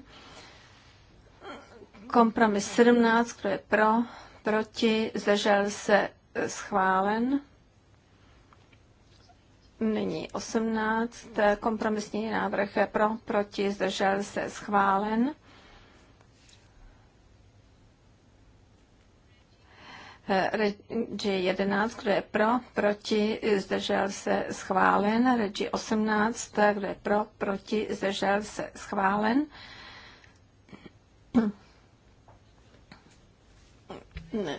Kompromis 17, kdo je pro? Proti, zdržel se schválen. Nyní 18. Kompromisní návrh je pro, proti, zdržel se schválen. Regi 11, kdo je pro, proti, zdržel se schválen. Regi 18, kdo je pro, proti, zdržel se schválen.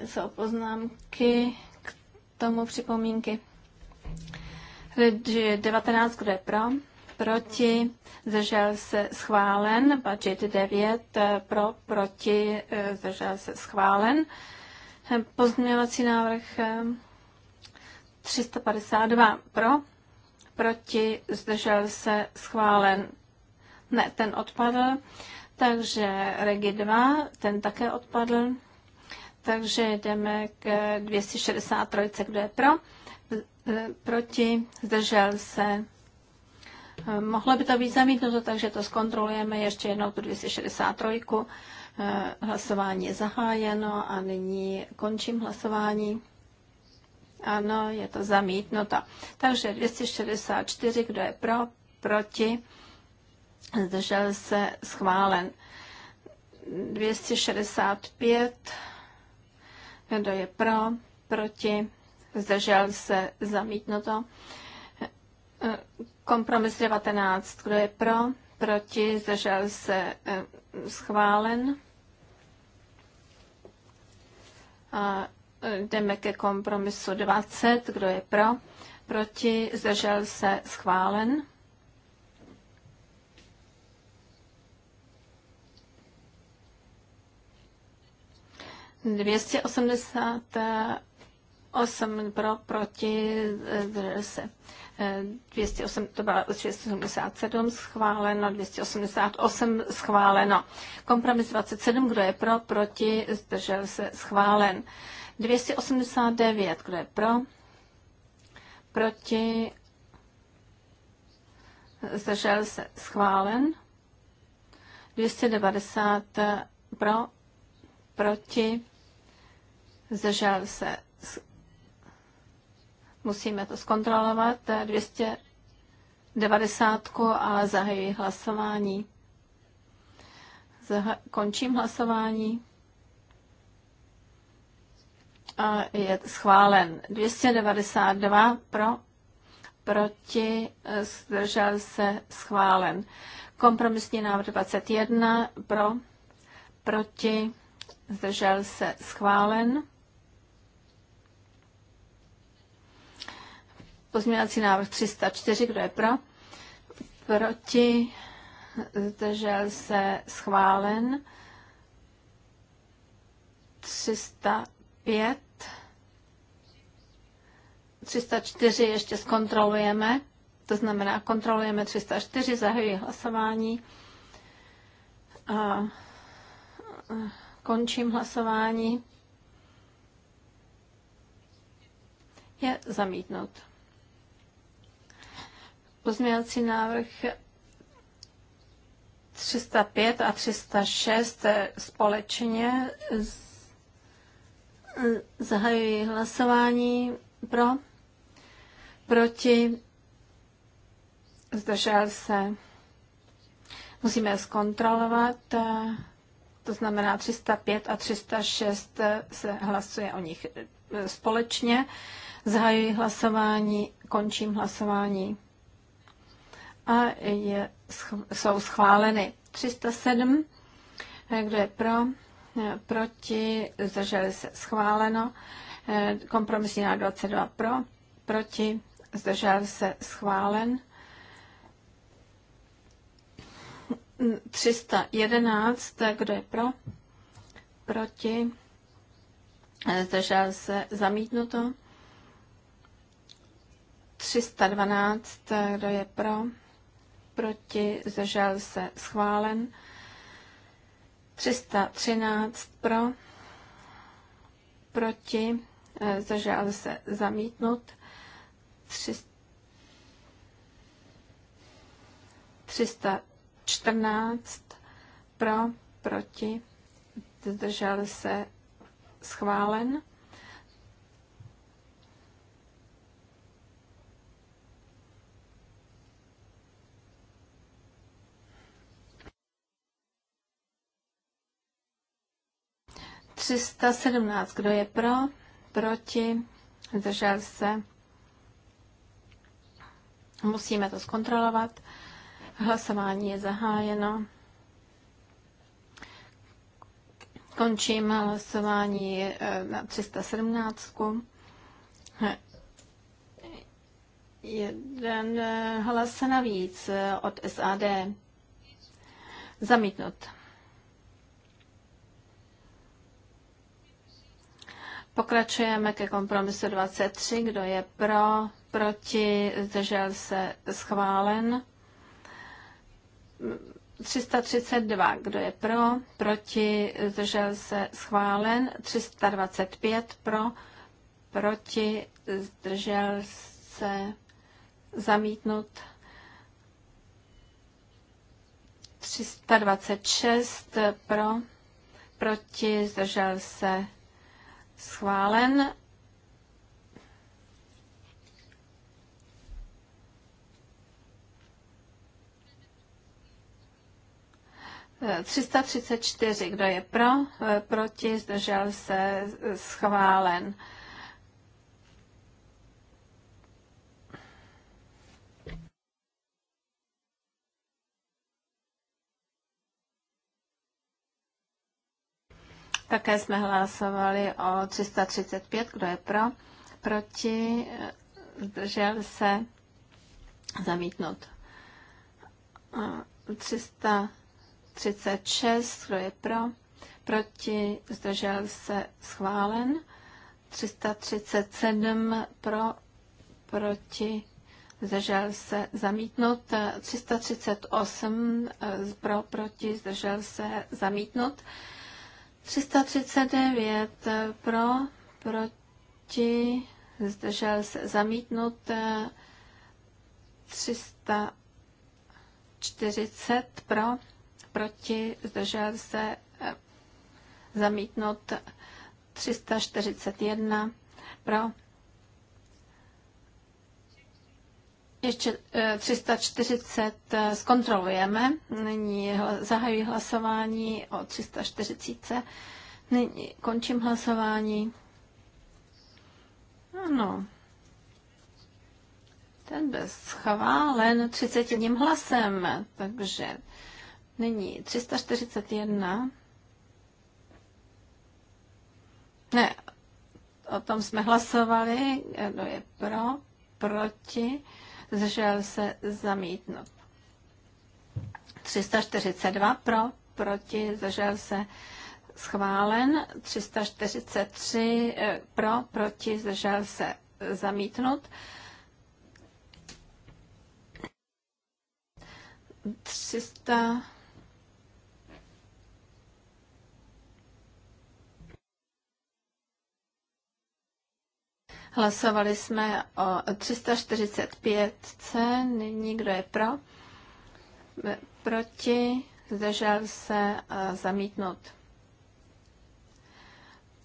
Jsou poznámky tomu připomínky? Takže 19, kdo je pro? Proti, zdržel se schválen. Budget 9, eh, pro, proti, eh, zdržel se schválen. Hm, pozměňovací návrh 352 eh, pro, proti, zdržel se schválen. Ne, ten odpadl. Takže Regi 2, ten také odpadl. Takže jdeme k 263, kdo je pro, e, proti, zdržel se. E, mohlo by to být zamítnuto, takže to zkontrolujeme ještě jednou tu 263. E, hlasování je zahájeno a nyní končím hlasování. Ano, je to zamítnuto. Takže 264, kdo je pro, proti, zdržel se schválen. 265 kdo je pro? Proti? Zdržel se? Zamítnuto. Eh, kompromis 19. Eh, eh, Kdo je pro? Proti? Zdržel se? Schválen. A jdeme ke kompromisu 20. Kdo je pro? Proti? Zdržel se? Schválen. 288 pro, proti, zdrželi se. 208, to bylo 287 schváleno, 288 schváleno. Kompromis 27, kdo je pro, proti, zdržel se, schválen. 289, kdo je pro, proti, zdržel se, schválen. 290 pro, proti, zdržel se, musíme to zkontrolovat, 290, eh, ale zahajuji hlasování. Zah- končím hlasování. A je schválen 292 eh, pro, proti, zdržel se, schválen. Kompromisní návrh 21 pro, proti, zdržel se, schválen. Pozměňovací návrh 304, kdo je pro? Proti? Zdržel se schválen. 305. 304 ještě zkontrolujeme. To znamená, kontrolujeme 304, zahajuji hlasování. A končím hlasování. Je zamítnut. Pozměňovací návrh 305 a 306 společně zahajuji hlasování pro, proti, zdržel se. Musíme zkontrolovat, to znamená 305 a 306 se hlasuje o nich společně. Zahajuji hlasování, končím hlasování a je, jsou schváleny 307. Eh, kdo je pro? Eh, proti? Zdrželi se schváleno. Eh, kompromisní na 22 pro? Proti? Zdržel se schválen. 311. Kdo je pro? Proti? Zdržel se zamítnuto. 312. Kdo je pro? proti, zdržel se schválen. 313 pro, proti, eh, zdržel se zamítnut. 314 pro, proti, zdržel se schválen. 317. Kdo je pro? Proti? Zdržel se? Musíme to zkontrolovat. Hlasování je zahájeno. Končím hlasování eh, na 317. Jeden eh, hlas navíc eh, od SAD. Zamítnut. Pokračujeme ke kompromisu 23. Kdo je pro, proti, zdržel se schválen. 332. Kdo je pro, proti, zdržel se schválen. 325. Pro, proti, zdržel se zamítnut. 326 pro, proti, zdržel se Schválen. třicet 334, kdo je pro, proti, zdržel se, schválen. Také jsme hlasovali o 335, kdo je pro, proti, zdržel se, zamítnut. 336, kdo je pro, proti, zdržel se, schválen. 337 pro, proti, zdržel se zamítnut, 338 pro, proti, zdržel se zamítnut, 339 eh, pro, proti, zdržel se zamítnut 340 eh, pro, proti, zdržel se eh, zamítnut 341 pro, Ještě 340 eh, eh, zkontrolujeme. Nyní zahajuji hlasování o 340. Nyní končím hlasování. Ano. Ten byl schválen 31 hlasem, takže nyní 341. Ne, o tom jsme hlasovali, kdo je pro, proti zdržel se zamítnut. 342 pro, proti, zdržel se schválen. 343 eh, pro, proti, zdržel se zamítnut. 300 Hlasovali jsme o 345C. Nyní kdo je pro? Proti? Zdržel se zamítnout.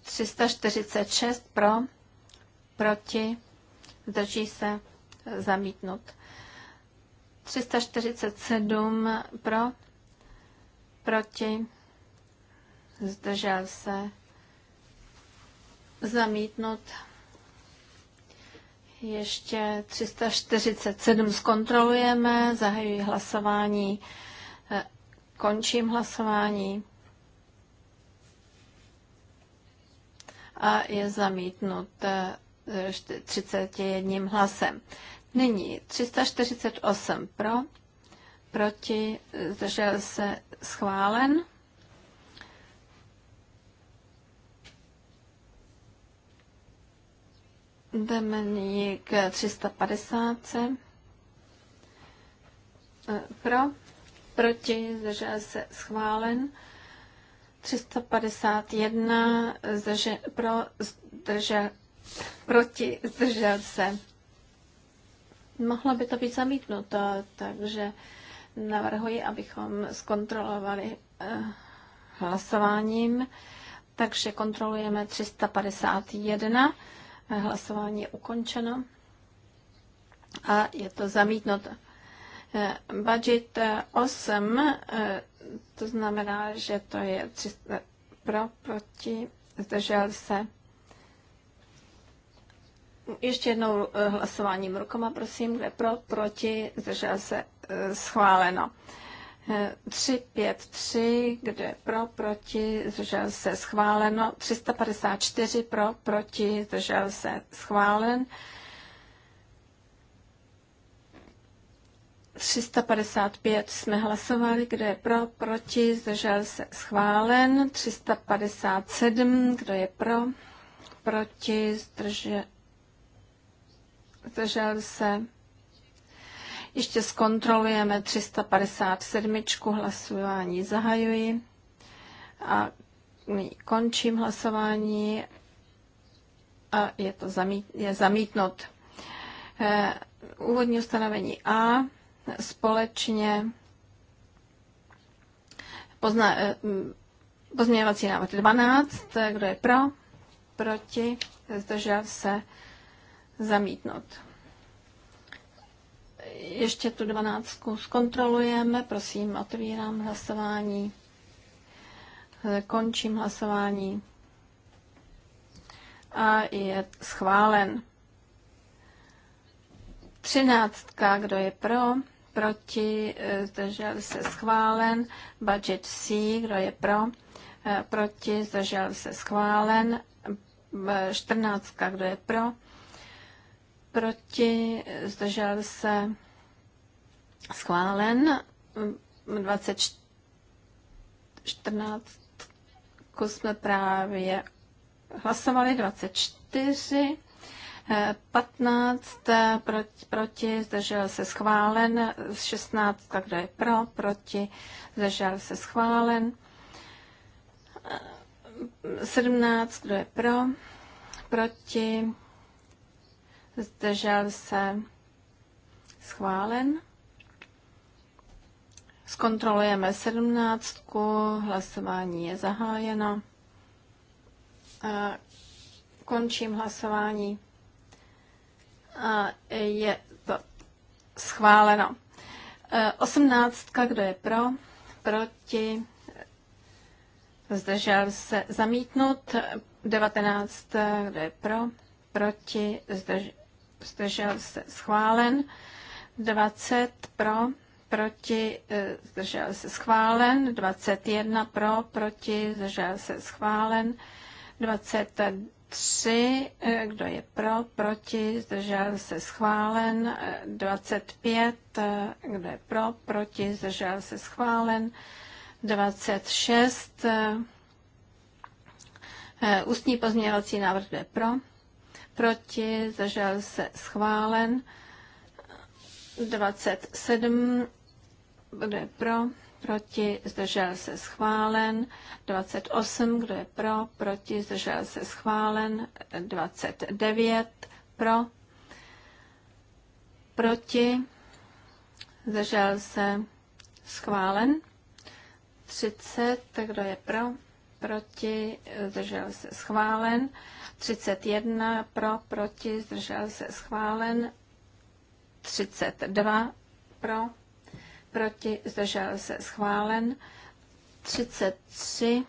346 pro, proti, zdrží se zamítnut. 347 pro, proti, zdržel se zamítnut. Ještě 347 zkontrolujeme, zahajuji hlasování, eh, končím hlasování a je zamítnut 31 eh, hlasem. Nyní 348 pro, proti, zdržel se schválen. Jdeme nyní k 350. Eh, pro, proti, zdržel se schválen. 351 zdrže, pro, zdržel, proti, zdržel se. Mohlo by to být zamítnuto, takže navrhuji, abychom zkontrolovali eh, hlasováním. Takže kontrolujeme 351. Hlasování je ukončeno a je to zamítnuto. Budget 8, to znamená, že to je 300 pro, proti, zdržel se. Ještě jednou eh, hlasováním rukama, prosím, kde pro, proti, zdržel se, eh, schváleno. 353, kde pro, proti, zdržel se schváleno. 354 pro, proti, zdržel se schválen. 355 jsme hlasovali, kde je pro, proti, zdržel se schválen. 357, kdo je pro, proti, zdržel, zdržel se ještě zkontrolujeme 357. Hlasování zahajuji a končím hlasování a je to zamít, je zamítnut. Eh, úvodní ustanovení A společně pozna, eh, mm, pozměňovací návrh 12. Kdo je pro? Proti? Zdržel se? Zamítnout ještě tu dvanáctku zkontrolujeme. Prosím, otvírám hlasování. Končím hlasování. A je schválen. Třináctka, kdo je pro, proti, e, zdržel se schválen. Budget C, kdo je pro, e, proti, zdržel se schválen. E, čtrnáctka, kdo je pro, proti, zdržel se Schválen 2014 jsme právě hlasovali 24, 15 eh, eh, proti, proti zdržel se schválen, 16 kdo je pro, proti zdržel se schválen, 17 eh, kdo je pro, proti zdržel se schválen. Zkontrolujeme sedmnáctku, hlasování je zahájeno. A končím hlasování. A je to schváleno. E, osmnáctka, kdo je pro, proti, zdržel se zamítnout? Devatenáct, kdo je pro, proti, zdržel se schválen. Dvacet pro, proti, e, zdržel se schválen, 21 pro, proti, zdržel se schválen, 23, e, kdo je pro, proti, zdržel se schválen, 25, e, kdo je pro, proti, zdržel se schválen, 26, ústní pozměňovací návrh, kdo je pro, proti, zdržel se schválen, 27 kdo je pro, proti, zdržel se schválen, 28, kdo je pro, proti, zdržel se schválen, 29, pro, proti, zdržel se schválen, 30, kdo je pro, proti, zdržel se schválen, 31, pro, proti, zdržel se schválen, 32, pro, proti, zdržel se schválen. 33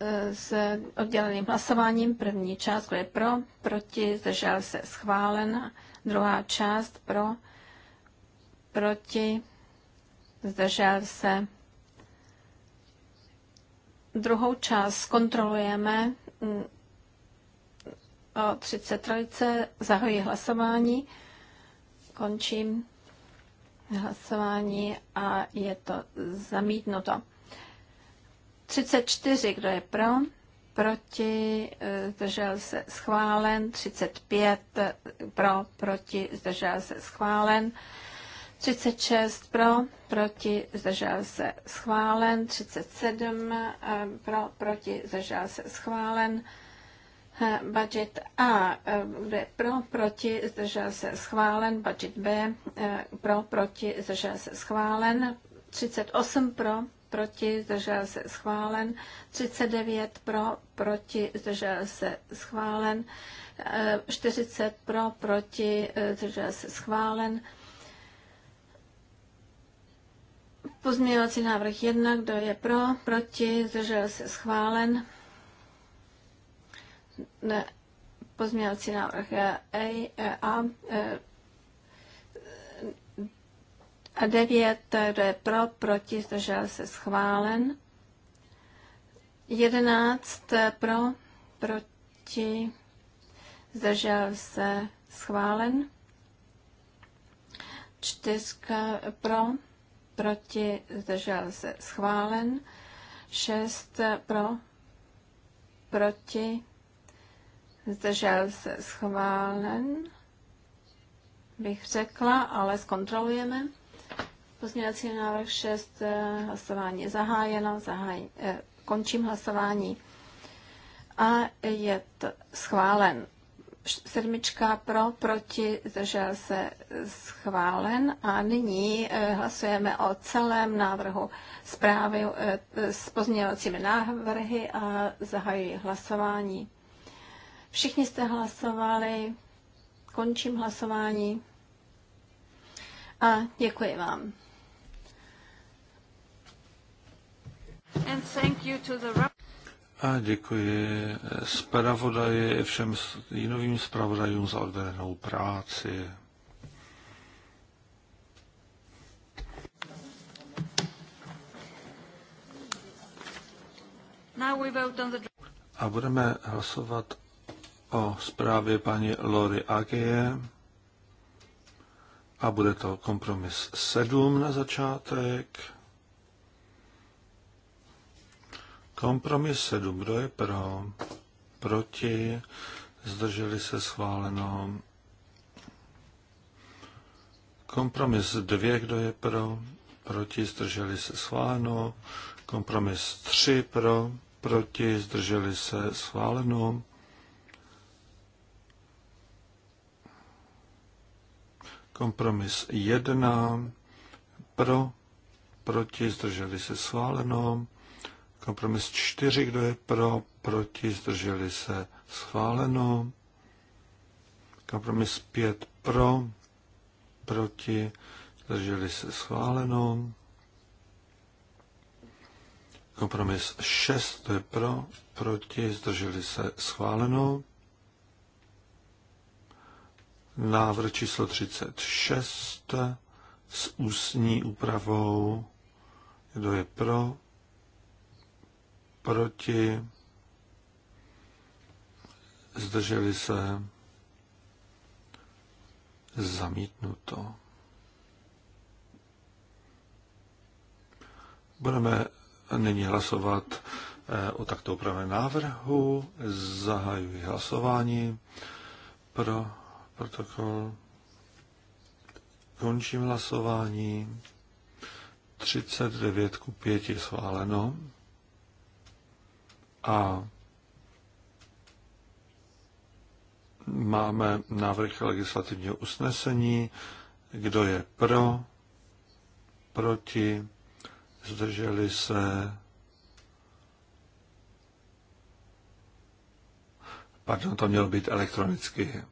eh, s odděleným hlasováním. První část, kdo je pro, proti, zdržel se schválen. Druhá část pro, proti, zdržel se. Druhou část kontrolujeme mm, o 33. Zahoji hlasování. Končím hlasování a je to zamítnuto. 34, kdo je eh, eh, pro, proti, zdržel se schválen, 35 pro, proti, zdržel se schválen, 36 eh, pro, proti, zdržel se schválen, 37 pro, proti, zdržel se schválen, Eh, budget A, eh, bude pro, proti, zdržel se schválen. Budget B, eh, pro, proti, zdržel se schválen. 38 pro, proti, zdržel se schválen. 39 pro, proti, zdržel se schválen. 40 pro, proti, zdržel se schválen. Pozměňovací návrh 1, kdo je pro, proti, zdržel se schválen ne, pozměňovací návrh A, e, a 9, e, kdo je pro, proti, zdržel se schválen. 11 pro, proti, zdržel se schválen. 4 pro, proti, zdržel se schválen. 6 pro, proti, zdržel se schválen, bych řekla, ale zkontrolujeme. Pozměňovací návrh 6, eh, hlasování je zahájeno, zaháj, eh, končím hlasování a je to schválen. Sedmička pro, proti, zdržel se schválen a nyní eh, hlasujeme o celém návrhu zprávy eh, s pozměňovacími návrhy a zahajuji hlasování. Všichni jste hlasovali. Končím hlasování. A děkuji vám. A děkuji zpravodaji, všem jinovým zpravodajům za odvedenou práci. A budeme hlasovat o zprávě paní Lory Agie a bude to kompromis 7 na začátek. Kompromis 7, kdo je pro, proti, zdrželi se schváleno. Kompromis 2, kdo je pro, proti, zdrželi se schváleno. Kompromis 3 pro, proti, zdrželi se schváleno. Kompromis 1 pro, proti, zdrželi se schváleno. Kompromis 4, kdo je pro, proti, zdrželi se schváleno. Kompromis 5 pro, proti, zdrželi se schváleno. Kompromis 6, to je pro, proti, zdrželi se schváleno návrh číslo 36 s ústní úpravou. Kdo je pro? Proti? Zdrželi se? Zamítnuto. Budeme nyní hlasovat eh, o takto upraveném návrhu. Zahajuji hlasování pro protokol. Končím hlasování. 39 ku 5 je schváleno. A máme návrh legislativního usnesení. Kdo je pro? Proti? Zdrželi se? Pardon, to mělo být elektronicky.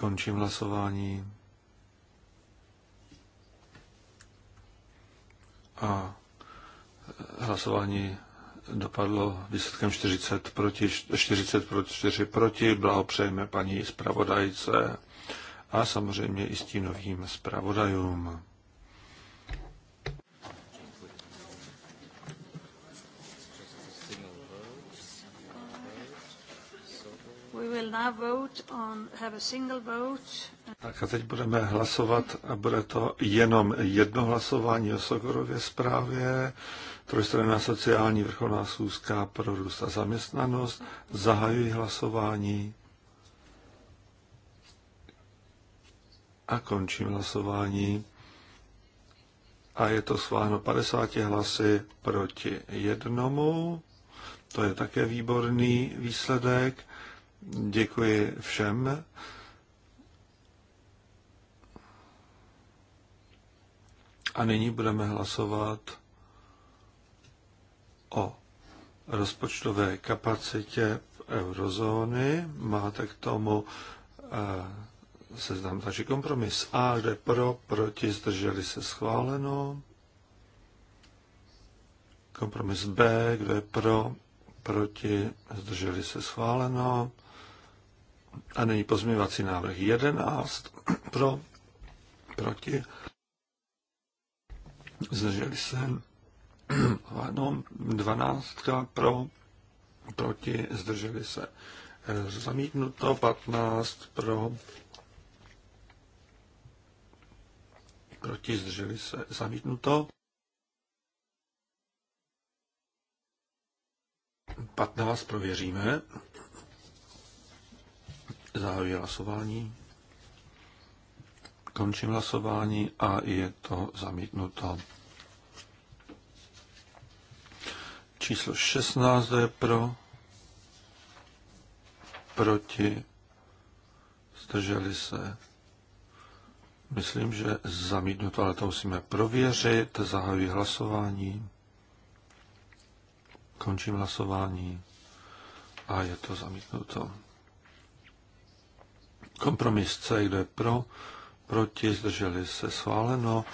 Končím hlasování. A e, hlasování dopadlo výsledkem 40 proti, 40 proti 4 proti. Blahopřejeme paní zpravodajce a samozřejmě i s tím novým zpravodajům. will now vote on, have a single vote. Tak a teď budeme hlasovat a bude to jenom jedno hlasování o Sogorově zprávě. Trojstranná sociální vrcholná sůzka pro růst a zaměstnanost. Zahajuji hlasování. A končím hlasování. A je to sváno 50 hlasy proti jednomu. To je také výborný výsledek. Děkuji všem. A nyní budeme hlasovat o rozpočtové kapacitě eurozóny. Máte k tomu eh, seznam, takže kompromis A, kde pro, proti, zdrželi se schváleno. Kompromis B, kdo je pro, proti, zdrželi se schváleno. A nyní pozměňovací návrh 11 pro, proti, zdrželi se, ano, 12 pro, proti, zdrželi se, zamítnuto 15 pro, proti, zdrželi se, zamítnuto. 15 prověříme. Zahajuji hlasování. Končím hlasování a je to zamítnuto. Číslo 16 je pro, proti, zdrželi se. Myslím, že zamítnuto, ale to musíme prověřit. Zahajuji hlasování. Končím hlasování a je to zamítnuto. Kompromis C, kdo je pro, proti, zdrželi se schváleno.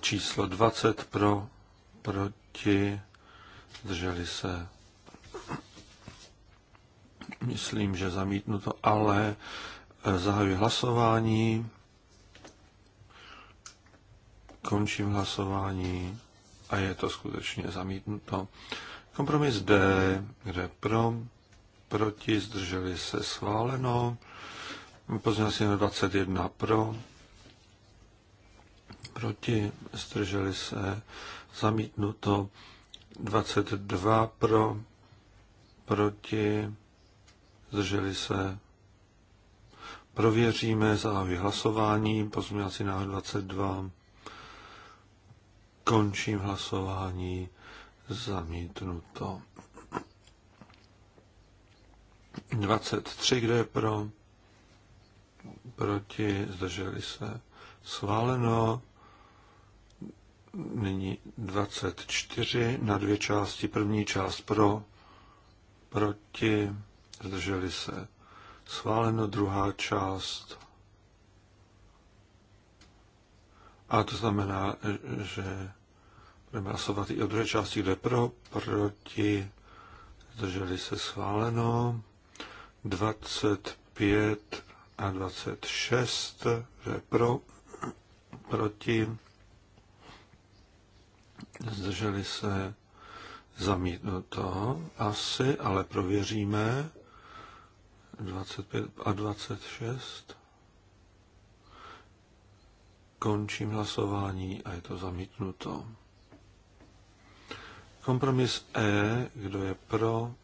Číslo 20 pro, proti, zdrželi se. Myslím, že zamítnuto, ale eh, zahajuji hlasování. Končím hlasování a je to skutečně zamítnuto. Kompromis D, kde pro, proti, zdrželi se schváleno. Pozměňovací 21 pro, proti, zdrželi se, zamítnuto 22 pro, proti, zdrželi se. Prověříme záhy hlasování, pozměňovací návrh 22. Končím hlasování, zamítnuto. 23, kdo je pro? proti, zdrželi se. Schváleno nyní 24 na dvě části. První část pro, proti, zdrželi se. Schváleno druhá část. A to znamená, že budeme hlasovat i o druhé části, kde pro, proti, zdrželi se schváleno. 25 a 26, že pro, proti, zdrželi se zamítnuto, asi, ale prověříme, 25 a 26. Končím hlasování a je to zamítnuto. Kompromis E, kdo je pro,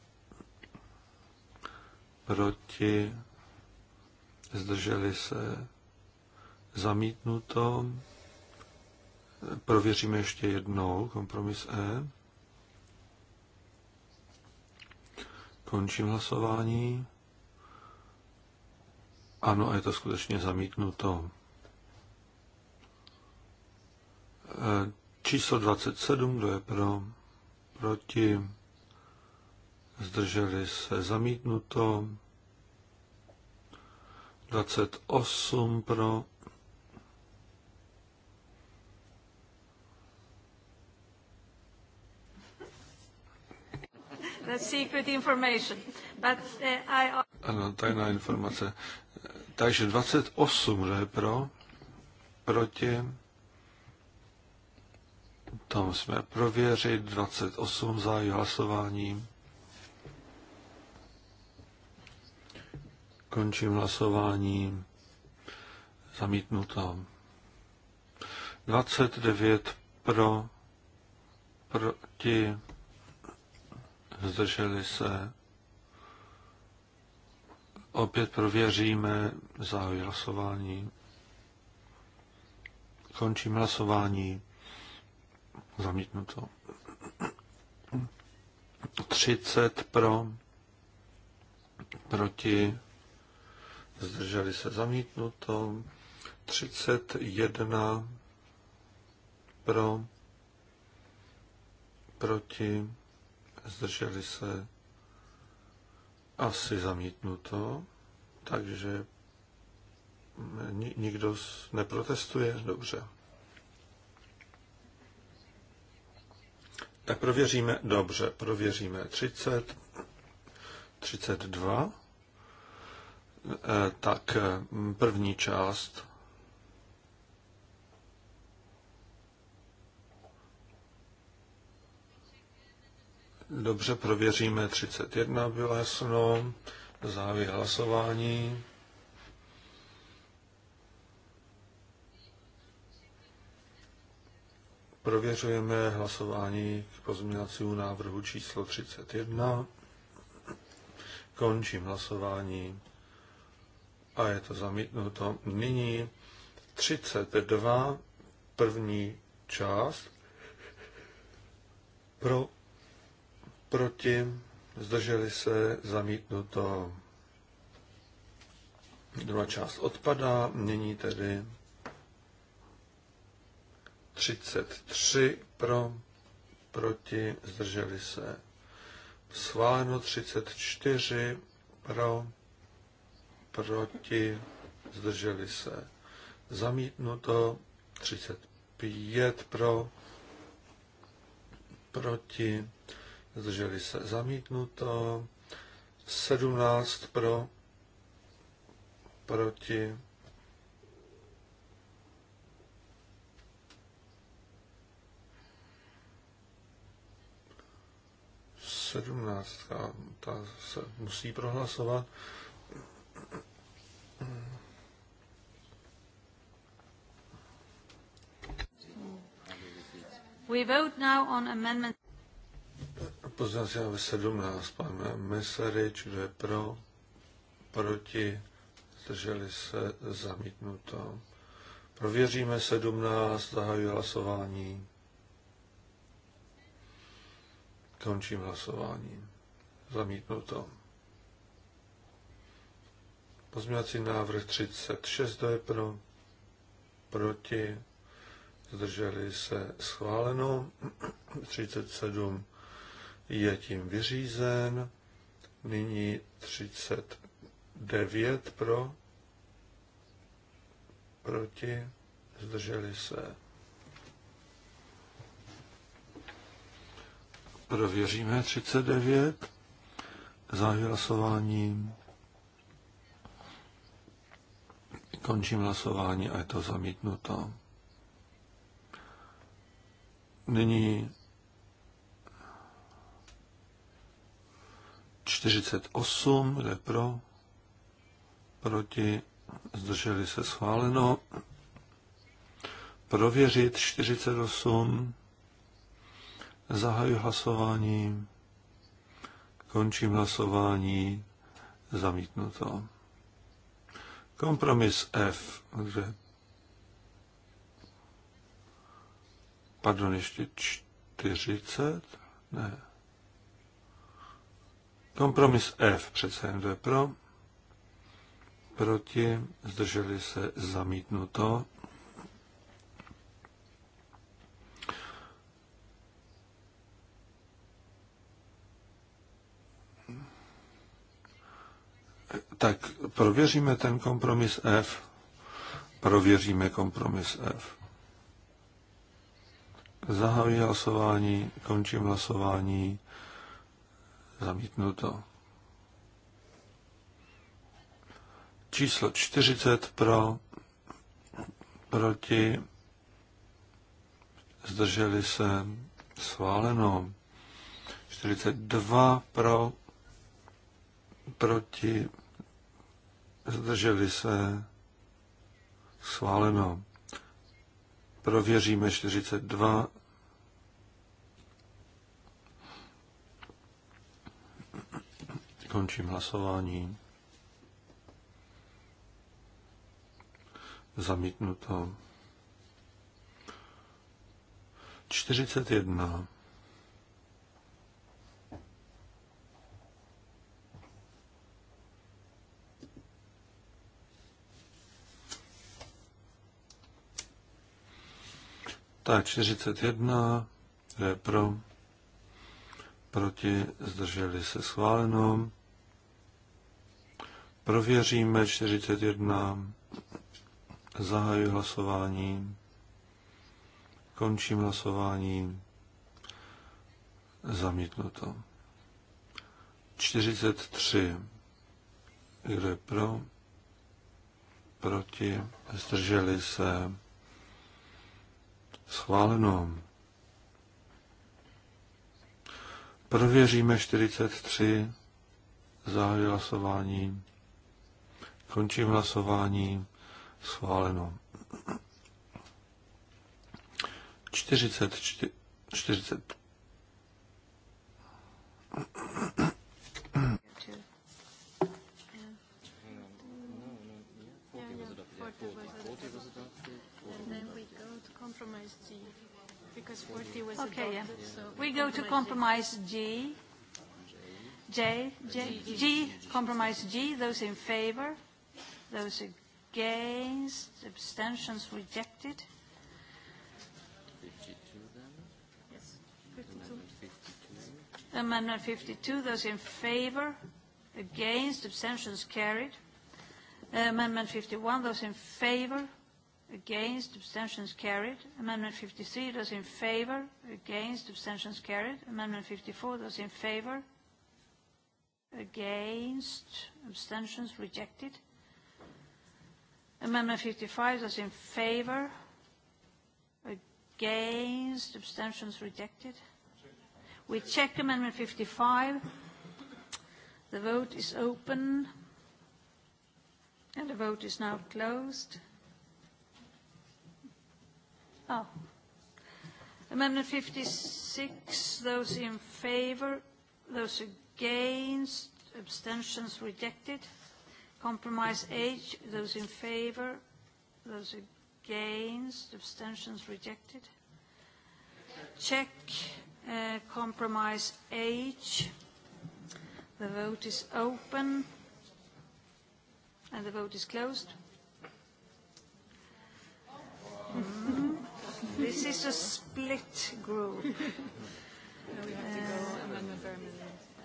proti, zdrželi se, zamítnuto. Prověříme ještě jednou kompromis E. Končím hlasování. Ano, je to skutečně zamítnuto. E, číslo 27, kdo je pro, proti, zdrželi se zamítnuto. 28 pro, uh, Ano, tajná informace. Takže 28, že pro, proti, tam jsme prověřit, 28 zájí hlasování. Končím hlasování. Zamítnuto. 29 pro, proti, zdrželi se. Opět prověříme za hlasování. Končím hlasování. Zamítnuto. 30 pro, proti, zdrželi se zamítnuto, 31 pro, proti, zdrželi se asi zamítnuto, takže nikdo neprotestuje, dobře. Tak prověříme, dobře, prověříme 30, 32. Eh, tak eh, první část Dobře, prověříme 31, bylo jasno, závěr hlasování. Prověřujeme hlasování k pozměňovacímu návrhu číslo 31. Končím hlasování a je to zamítnuto. Nyní 32, první část, pro, proti, zdrželi se, zamítnuto. Druhá část odpadá, nyní tedy 33 pro, proti, zdrželi se. Schváleno 34 pro, proti, zdrželi se. Zamítnuto 35 pro, proti, zdrželi se. Zamítnuto 17 pro, proti, sedmnáctka, ta se musí prohlasovat. We vote now on amendment. Poznací 17, pan Mesarič, kdo je pro, proti, zdrželi se, zamítnuto. Prověříme 17, zahajuji hlasování. Končím hlasování. Zamítnuto. Pozměňovací návrh 36, kdo je pro? Proti? Zdrželi se schváleno. 37 je tím vyřízen. Nyní 39 pro? Proti? Zdrželi se. Prověříme 39. Zahlasováním. hlasování. Končím hlasování a je to zamítnuto. Nyní 48, kde pro, proti, zdrželi se schváleno. Prověřit 48, zahaju hlasování, končím hlasování, zamítnuto. Kompromis F. Takže pardon, ještě 40? Ne. Kompromis F přece jen je pro. Proti zdrželi se zamítnuto. tak prověříme ten kompromis F. Prověříme kompromis F. Zahajuji hlasování, končím hlasování, zamítnu to. Číslo 40 pro, proti, zdrželi se, schváleno. 42 pro, proti, zdrželi se, schváleno. Prověříme 42. Končím hlasování. Zamítnuto. 41. Tak 41, kdo je pro, proti, zdrželi se schváleno. Prověříme 41, zahajuji hlasování, končím hlasování, zamítnuto. 43, kdo je pro, proti, zdrželi se Schváleno. Prověříme 43. Zahajuji hlasování. Končím hlasování. Schváleno. 44. 40. compromise G? Because 40 was okay, adopted, yeah. so... We go to compromise G. J, J, G, G, compromise G, those in favor, those against, abstentions rejected. 52 then? Yes, 52. Amendment 52, those in favor, against, abstentions carried. Amendment 51, those in favor, Against, abstentions carried. Amendment 53, those in favor. Against, abstentions carried. Amendment 54, those in favor. Against, abstentions rejected. Amendment 55, those in favor. Against, abstentions rejected. We check Amendment 55. The vote is open, and the vote is now closed Oh. Amendment 56, those in favor, those against, abstentions rejected. Compromise H, those in favor, those against, abstentions rejected. Check, uh, compromise H. The vote is open, and the vote is closed. This is a split group. Uh,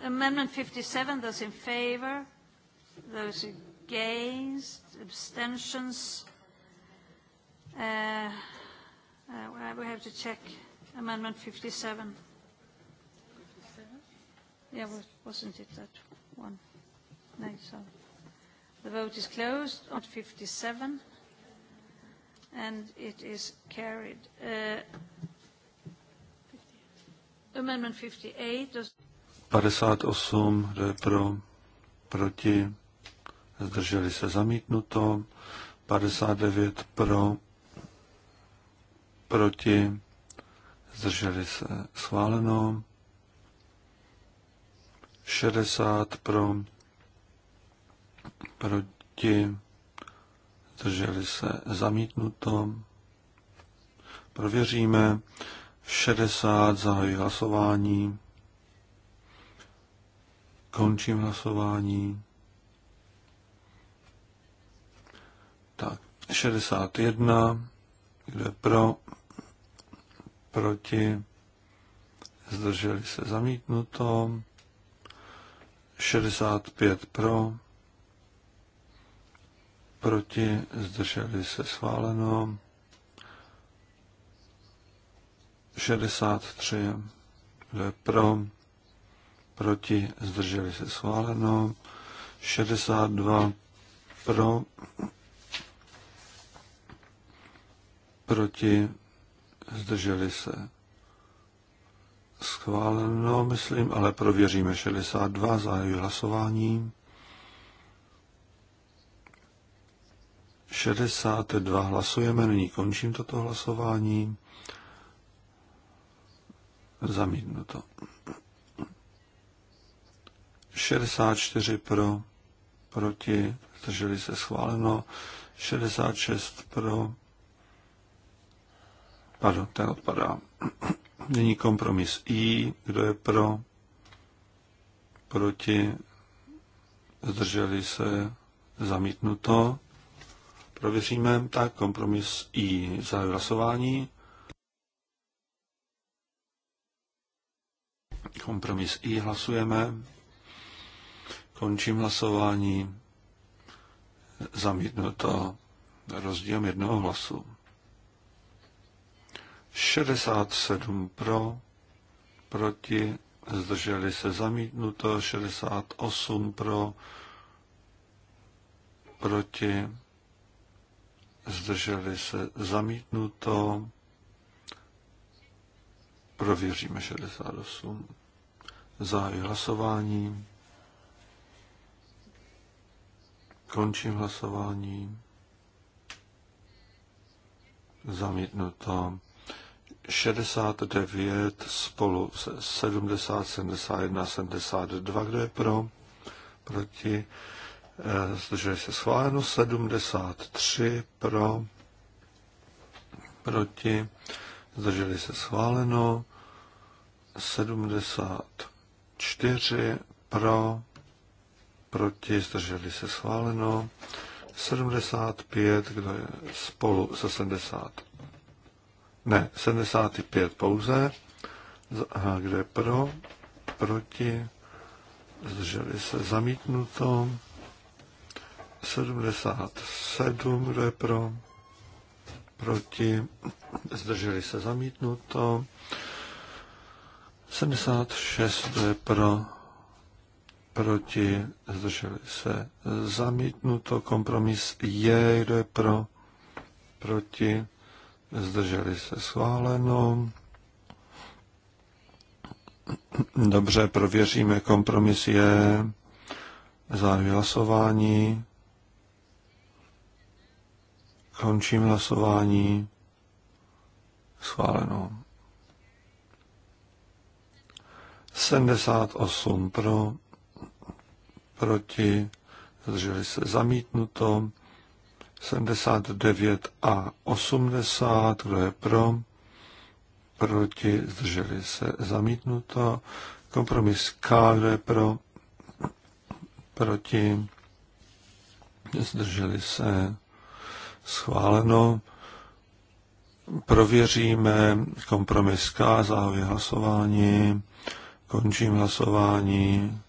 amendment 57, those in favor, those against, abstentions. Uh, uh, we have to check Amendment 57. 57? Yeah, wasn't it that one? No, so the vote is closed on 57 and it is carried. Uh, amendment 58. Does 58, kdo je pro, proti, zdrželi se zamítnuto. 59 pro, proti, zdrželi se schváleno. 60 pro, proti, zdrželi se zamítnuto. Prověříme 60, zahajuji hlasování. Končím hlasování. Tak, 61, kdo je pro, proti, zdrželi se zamítnuto. 65 pro, proti, zdrželi se schváleno. 63, kdo je pro, proti, zdrželi se schváleno. 62 pro, proti, zdrželi se schváleno, myslím, ale prověříme 62, zahajuji hlasování. 62 hlasujeme, nyní končím toto hlasování. Zamítnuto. 64 pro, proti, zdrželi se schváleno, 66 pro, pardon, ten odpadá. Nyní kompromis I, kdo je pro, proti, zdrželi se, zamítnuto prověříme, tak kompromis I za hlasování. Kompromis I hlasujeme. Končím hlasování. Zamítnuto rozdílem jednoho hlasu. 67 pro, proti, zdrželi se zamítnuto, 68 pro, proti, zdrželi se zamítnuto, prověříme 68. Zahajuji hlasování. Končím hlasování. Zamítnuto. 69 spolu se 70, 71, 72. Kdo je pro? Proti? Eh, zdrželi se schváleno, 73 pro, proti, zdrželi se schváleno, 74 pro, proti, zdrželi se schváleno, 75, kdo je spolu se 70, ne, 75 pouze, kdo je pro, proti, zdrželi se zamítnuto, 77, kdo je pro, proti, zdrželi se zamítnuto. 76, kdo je pro, proti, zdrželi se zamítnuto. Kompromis je, kdo je pro, proti, zdrželi se schváleno. Dobře, prověříme kompromis je zájem hlasování. Končím hlasování. Schváleno. 78 pro, proti, zdrželi se zamítnuto. 79 a 80, kdo je pro, proti, zdrželi se zamítnuto. Kompromis K, kdo je pro, proti, zdrželi se schváleno. Prověříme kompromis K, záhově hlasování, končím hlasování,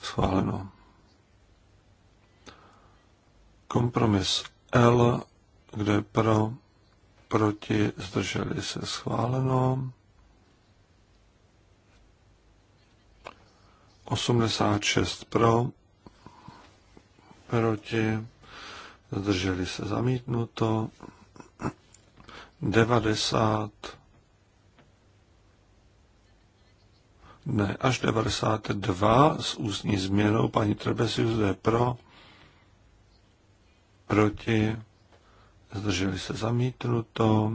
schváleno. Kompromis L, kde pro, proti, zdrželi se, schváleno. 86 pro, proti, zdrželi se zamítnuto, 90, ne, až 92 s ústní změnou paní Trebesius je pro, proti, zdrželi se zamítnuto,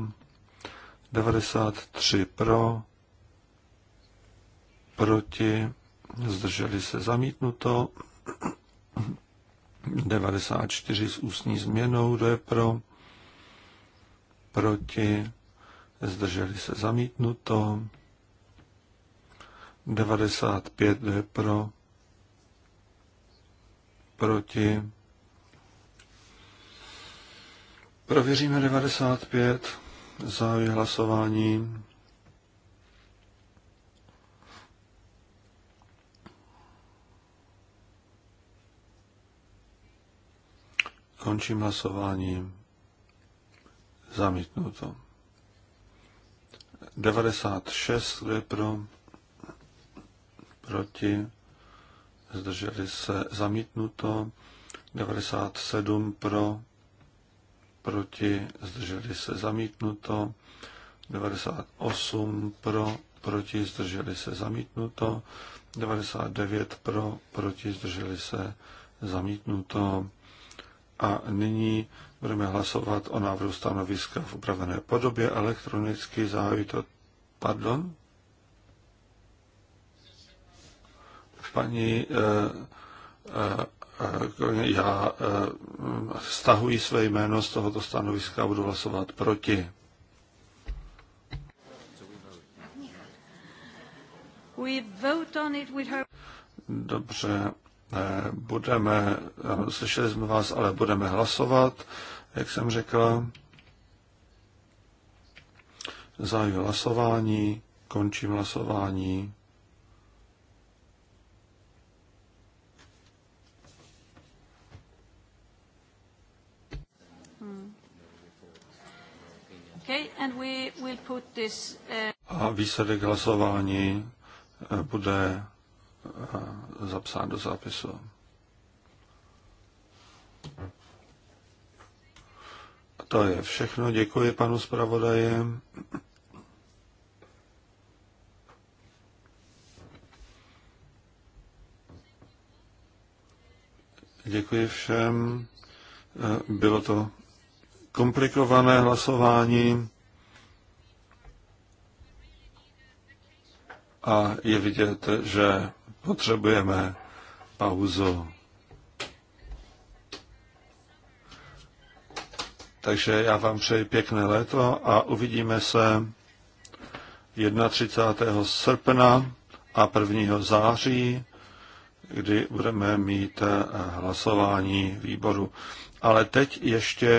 93 pro, proti, zdrželi se zamítnuto, 94 s ústní změnou, kdo je pro, proti, zdrželi se zamítnuto, 95 kdo je pro, proti, prověříme 95, zahájí hlasování, Končím hlasováním. Zamítnuto. 96, je pro, proti, zdrželi se, zamítnuto. 97 pro, proti, zdrželi se, zamítnuto. 98 pro, proti, zdrželi se, zamítnuto. 99 pro, proti, zdrželi se, zamítnuto. A nyní budeme hlasovat o návrhu stanoviska v upravené podobě elektronicky zahájí to. Pardon? Paní, eh, eh, já eh, stahuji své jméno z tohoto stanoviska a budu hlasovat proti. Dobře, budeme, slyšeli jsme vás, ale budeme hlasovat, jak jsem řekla. Zájem hlasování, končím hlasování. Hmm. Okay, and we will put this, uh... A výsledek hlasování eh, bude zapsat do zápisu. To je všechno. Děkuji panu zpravodaji. Děkuji všem. Bylo to komplikované hlasování a je vidět, že Potřebujeme pauzu. Takže já vám přeji pěkné léto a uvidíme se 31. srpna a 1. září, kdy budeme mít eh, hlasování výboru. Ale teď ještě